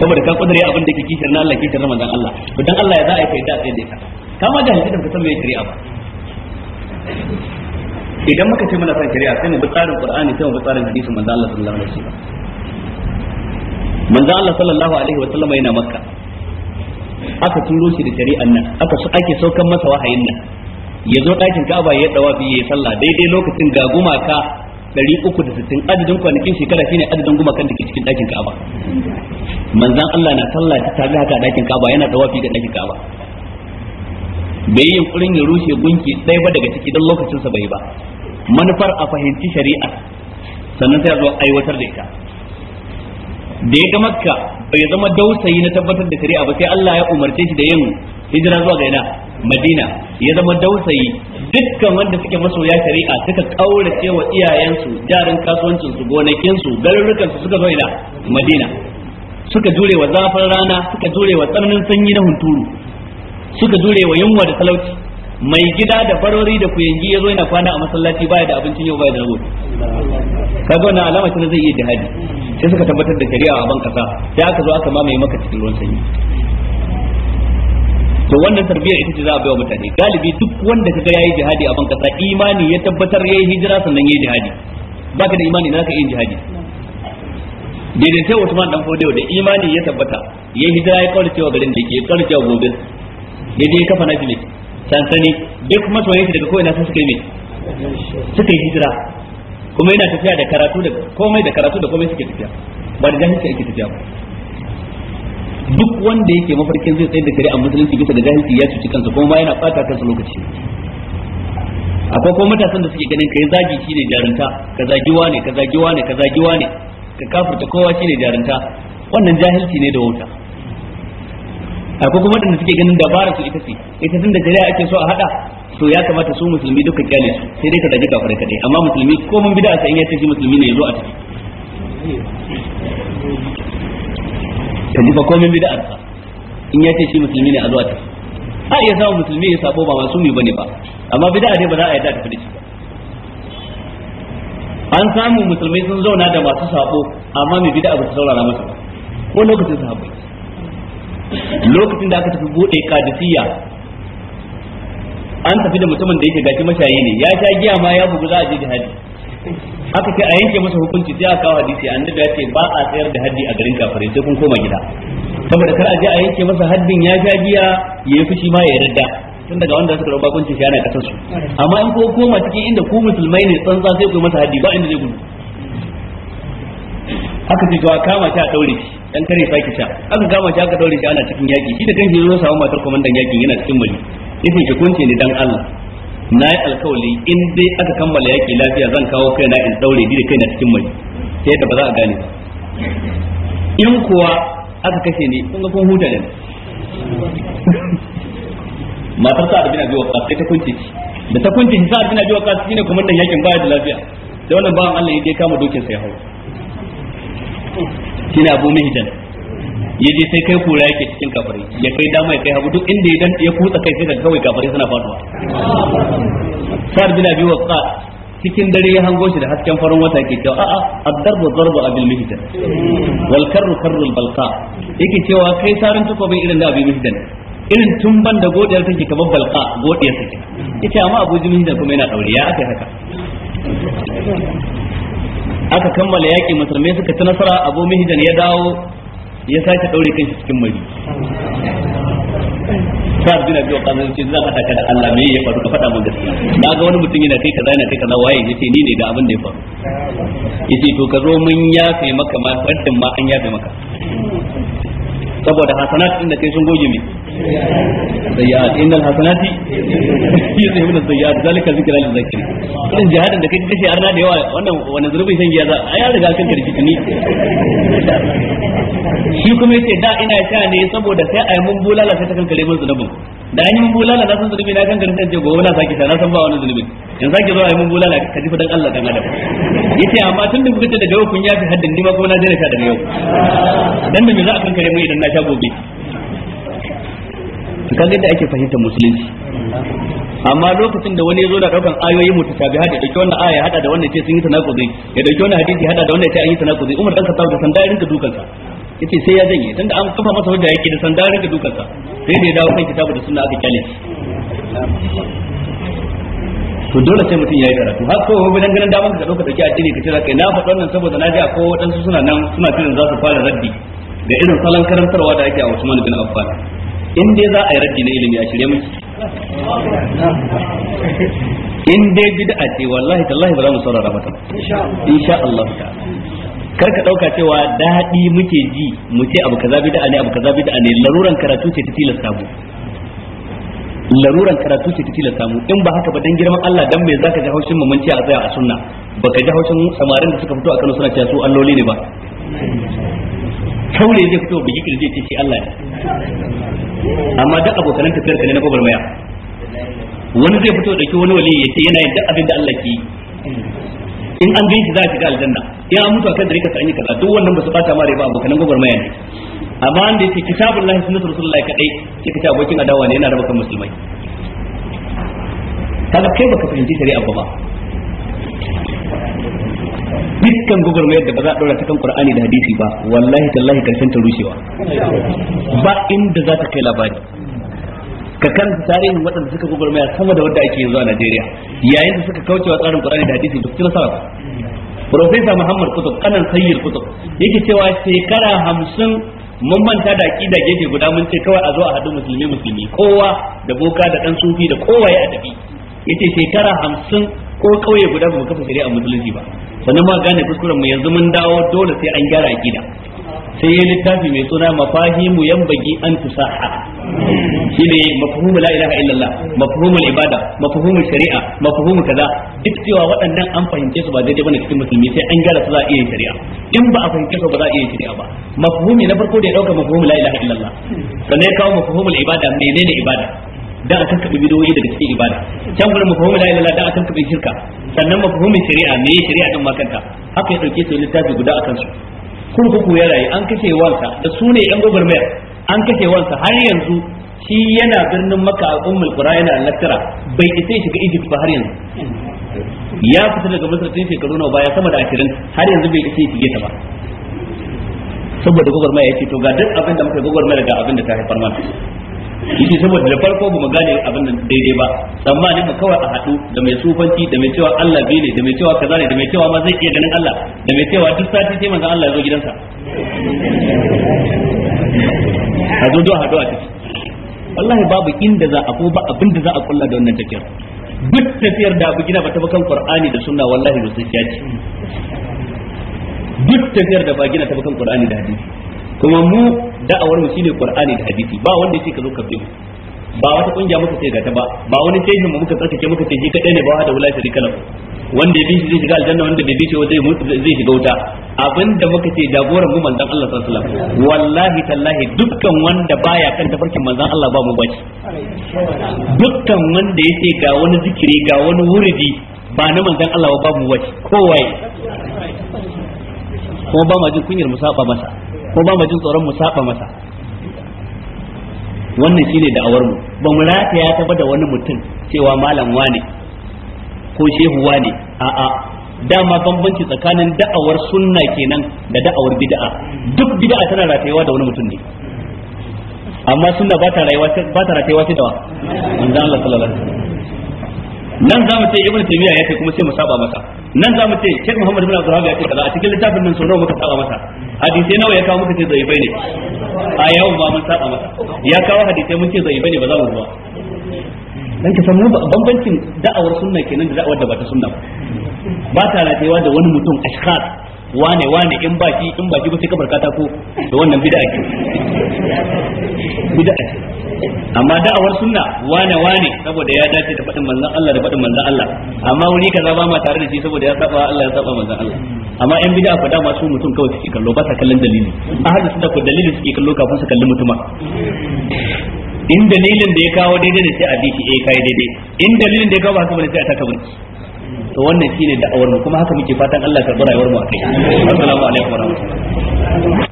saboda ka kudure abin da ke kishir na Allah kishir na manzon Allah to dan Allah ya za a kai da sai da ka kama da hadisin ka san me shari'a ba idan muka ce muna son shari'a sai mu bi tsarin Qur'ani sai mu bi tsarin hadisin manzo Allah sallallahu alaihi wasallam manzo Allah sallallahu alaihi wasallam yana Makka aka turo shi da shari'an nan aka su ake saukan masa wahayin nan ya zo ɗakin ka'aba ya dawa biye sallah daidai lokacin ga gumaka sittin, adadin kwanakin shekara shine adadin gumakan da ke cikin ɗakin ka'aba manzan Allah na sallah ta tare haka ɗakin ka'aba yana ɗawafi ga ɗakin ka'aba bai yi yunkurin ya rushe gunki ɗaya ba daga ciki don lokacinsa bai ba manufar a fahimci shari'a sannan sai a zo aiwatar da ita da ya ga makka ya zama dausayi na tabbatar da shari'a ba sai Allah ya umarce shi da yin hijira zuwa ga ina Madina ya zama dausayi dukkan wanda suke masoya shari'a suka kaurace wa iyayensu jarin kasuwancin su gonakin su garurukan su suka zo ina Madina suka jure wa zafin rana suka jure wa tsananin sanyi na hunturu suka jure wa yunwa da talauci mai gida da barori da kuyangi ya zo yana kwana a masallaci baya da abincin yau baya da rago kaga wannan alama ce zai iya jihadi sai suka tabbatar da shari'a a ban kasa sai aka zo aka mamaye maka cikin ruwan sanyi to wannan tarbiyyar ita ce za a bai wa mutane galibi duk wanda kaga yayi jihadi a ban kasa imani ya tabbatar yayi hijira sannan yayi jihadi baka da imani na ka yin jihadi daidai sai Usman dan Fodio da imani ya tabbata yayi hijira ya kaura cewa garin da yake ya kaura cewa gobe daidai ya kafa nashi ne sansani duk masoyan shi daga ko'ina sun suka yi me suka yi hijira kuma yana tafiya da karatu da komai da karatu da komai suke tafiya ba da jahilci ake tafiya ba duk wanda yake mafarkin zai tsaye da a musulunci bisa da jahilci ya cuci kansa kuma yana fata kansa lokaci akwai kuma matasan da suke ganin kai zagi shine jarunta ka zagiwa ne ka zagiwa ne ka zagiwa ne ka kafirta kowa shine jarunta wannan jahilci ne da wauta akwai kuma waɗanda suke ganin dabara su ita ce ita tun da shari'a ake so a hada to ya kamata su musulmi duka kyale su sai dai ka daji kafirai kadai amma musulmi ko mun bid'a sai ya ce shi musulmi ne yazo a ciki kan ji ba komai bid'a sa in ya ce shi musulmi ne a zo a ciki a iya samun musulmi ya sabo ba masu ba ne ba amma bid'a dai ba za a yarda ta fadi an samu musulmai sun zauna da masu sabo amma mai bid'a ba su saurara masa ko lokacin haɓai. lokacin da aka tafi bude kadisiya an tafi da mutumin da yake gashi mashayi ne ya sha giya ma ya bugu za a je jihadi aka ce a yanke masa hukunci sai a kawo hadisi annabi ya ce ba a tsayar da haddi a garin kafirai sai kun koma gida saboda kar a je a yanke masa haddin ya sha giya ya yi fushi ma ya yarda tun daga wanda suka rubuta shi ana kasar amma in ko koma cikin inda ku musulmai ne tsantsa sai ku masa haddi ba inda zai gudu aka ce zuwa kama shi a daure shi dan kare saki sha aka kama shi aka daure shi ana cikin yaki shi da kanshi zo samu matar komandan yakin yana cikin mali yace ki kunce ni dan Allah na yi alkawali in dai aka kammala yaki lafiya zan kawo kaina in daure ni da kaina cikin mali sai da ba za a gane ba in kuwa aka kashe ni kun ga kun huta da ni matar sa'ad bin abi waqqas sai ta kunce shi da ta kunce shi sa'ad bin abi waqqas shine komandan yakin baya da lafiya da wannan bawan Allah yake kama dokin sai ya hawo kina abu mihjan ya je sai kai kura yake cikin kafirai ya kai dama ya kai hagu duk inda ya ya kutsa kai sai kawai kafirai suna faduwa far bin abi waqqa cikin dare ya hango shi da hasken farin wata ke cewa a'a ad-darbu darbu abil mihjan wal karru karru balqa yake cewa kai sarin takobin irin da abi mihjan irin tumban da godiyar take kamar balqa godiyar take yace amma abu jimin da kuma yana dauriya akai haka aka kammala yaƙi musulmai suka ta nasara abu mihijan ya dawo ya sake ɗaure kanshi cikin mari sa'ad bin abi waqas ce zan hada ka da Allah me ya faru ka faɗa mun gaskiya na ga wani mutum yana kai kaza yana kai kaza waye yace ni ne da abin da ya faru yace to ka zo mun yafe maka ma faddin ma an yafe maka saboda hasanat din da kai sun goge mai sayyi'at innal hasanati yuzhibun sayyi'at zalika zikra lil zakiri irin jihadin da kai kace arna da yawa wannan wannan zurbin shan giya za a ya riga kan karfi ne shi kuma yace da ina sha ne saboda sai ai mun bulala sai ta kankare mun zunubin da an yi mun bulala na san zunubi na kankare sai ce gobe na sake sha na san ba wani zunubi in sake zo ai mun bulala ka ji fadan Allah dan adam yace amma tun da kuka ce daga kun ya fi haddin ni ma kuma na jira sha daga yau dan da me za a kankare mun idan na sha gobe to kaga yadda ake fahimtar musulunci amma lokacin da wani ya zo da daukan ayoyi hada da wannan aya hada da wannan ce sun yi tanakudi ya dauki wannan hadisi hada da wannan ce an yi tanakudi Umar dan Khattab da sanda ya dukan sa yace sai ya janye tunda an kafa masa hujja yake da sanda dukan sa sai da ya dawo kan kitabu da sunna aka kyale to dole sai mutum yayi karatu har ko wani ganin damar ka dauka dauki addini ka tira kai na faɗa wannan saboda na ji a ko waɗansu suna nan suna tunan za su fara raddi da irin salon karantarwa da ake a Usman bin Affan in dai za a yi raddi na ilimi a shirye miki in dai bid'a ce wallahi tallahi ba za mu saurara ba insha Allah Allah kar ka dauka cewa daɗi muke ji mu ce abu kaza bid'a ne abu kaza bid'a ne laruran karatu ce ta tilasta mu laruran karatu ce ta tilasta mu in ba haka ba dan girman Allah dan me zaka ji haushin mu mun ce a tsaya a sunna baka ji haushin samarin da suka fito a Kano suna cewa su alloli ne ba kaure zai fito biki kirje ce ce Allah ne amma duk abokan tafiyar ka ne na gobar maya wani zai fito da ke wani wali ya ce yana yin duk abin da Allah ke yi in an gan shi za a shiga aljanna in an mutu akan dariƙa an yi kaza duk wannan ba su bata mare ba abokanan gwagwarmaya ne amma wanda yake kitabun lahi sunnatu rasulullahi kadai sai ka ce abokin adawa ne yana raba kan musulmai kaga kai baka fahimci shari'a ba ba dukkan gwagwarmayar da ba za a daura ta kan qur'ani da hadisi ba wallahi tallahi karshen ta rushewa ba inda za ta kai labari ka karanta tarihin waɗanda suka gwagwarmaya sama da wadda ake yanzu a Najeriya yayin da suka kaucewa tsarin Qur'ani da hadisi duk nasara Professor Muhammad Kutub kanan sayyid Kutub yake cewa shekara hamsin mun manta da aqida gefe guda mun ce kawai a zo a hadu musulmi musulmi kowa da boka da dan sufi da kowa ya adabi yace shekara hamsin ko kauye guda ba mu kafa shari'a musulunci ba sannan ma gane kuskuren mu yanzu mun dawo dole sai an gyara aqida sai ya littafi mai suna mafahimu yan yanbagi an tusaha shine mafhumu la ilaha illallah mafhumu ibada mafhumu shari'a mafhumu kaza duk cewa waɗannan an fahimce su ba daidai bane cikin musulmi sai an gyara su za a iya shari'a in ba a fahimce su ba za a iya shari'a ba mafhumi na farko da ya dauka mafhumu la ilaha illallah sannan ya kawo mafhumu ibada menene ibada dan a tankabe bidoyi daga cikin ibada can gurin mafhumu la ilaha dan a tankabe shirka sannan mafhumin shari'a me shari'a din makanta haka ya dauke su littafi guda akan su kurkuku ya rayu an kashe wansa da su ne yan gwagwarmayar an kashe wansa har yanzu shi yana birnin maka a ummul qura yana al-lattara bai isa shiga Egypt ba har yanzu ya fita daga Masar tun shekaru nawa baya sama da 20 har yanzu bai isa shige ta ba saboda gwagwarmaya yake to ga duk abin da muka gwagwarmaya ga abin da ta haifar mana shi saboda da farko ba mu gane abin nan daidai ba tsammanin mu kawai a haɗu da mai sufanci da mai cewa Allah bai ne da mai cewa kaza ne da mai cewa ma zai iya ganin Allah da mai cewa duk sati sai manzon Allah ya zo gidansa a zo do haɗu a ciki wallahi babu inda za a ko ba abin da za a kulla da wannan tafiyar duk tafiyar da abu gina ba ta bakan Qur'ani da sunna wallahi ba sai ya duk tafiyar da ba gina ta bakan Qur'ani da hadisi kuma mu da'awar mu shine qur'ani da hadisi ba wanda yake ka zo ka bi ba wata kungiya muka ce gata ba ba wani shehin mu muka tsarkake muka ce shi ka ne ba da wala sharika lahu wanda ya bi shi zai shiga aljanna wanda bai bi shi zai mutu zai shiga wuta abinda muka ce jagoran mu manzon Allah sallallahu alaihi wasallam wallahi tallahi dukkan wanda baya kan tafarkin manzon Allah ba mu bace dukkan wanda yake ga wani zikiri ga wani wuridi ba na manzon Allah ba mu bace kowai kuma ba ma jin kunyar musaba masa ko ba mu jin tsoron mu saba masa wannan shine da'awar mu ba mu rataya ta ba da wani mutum cewa malam wane ko shehu wane a'a dama bambanci tsakanin da'awar sunna kenan da da'awar bid'a duk bid'a tana ratayewa da wani mutum ne amma sunna ba ta rayuwa ba ta ratayewa sai da manzon Allah sallallahu alaihi wasallam nan zamu ce ibnu taymiya yake kuma sai mu saba masa nan za mu ce Sheikh Muhammad bin Abdul ya ce kaza a cikin littafin nan sunan muka saba masa hadisi nawa ya kawo muka ce zai ne a yau ba mun saba masa ya kawo hadisi mun ce zai ne ba za mu ba dan ka samu bambancin da'awar sunna kenan da da'awar da ba ta sunna ba ta ratewa da wani mutum ashkhas wane wane in baki in baki ba sai barkata ko da wannan bid'a ke bid'a ce amma da'awar sunna wane wane saboda ya dace da faɗin manzon Allah da faɗin manzon Allah amma wuri kaza ba ma tare da shi saboda ya saba Allah ya saba manzon Allah amma yan bid'a fa dama su mutum kawai suke kallo ba sa kallon dalili a hada su da ku dalili suke kallo kafin su kalli mutuma in dalilin da ya kawo daidai ne sai a biki shi eh kai daidai in dalilin da ya kawo ba haka bane sai a taka bane to wannan shine da'awar mu kuma haka muke fatan Allah ya karɓi rayuwar mu akai assalamu alaikum warahmatullahi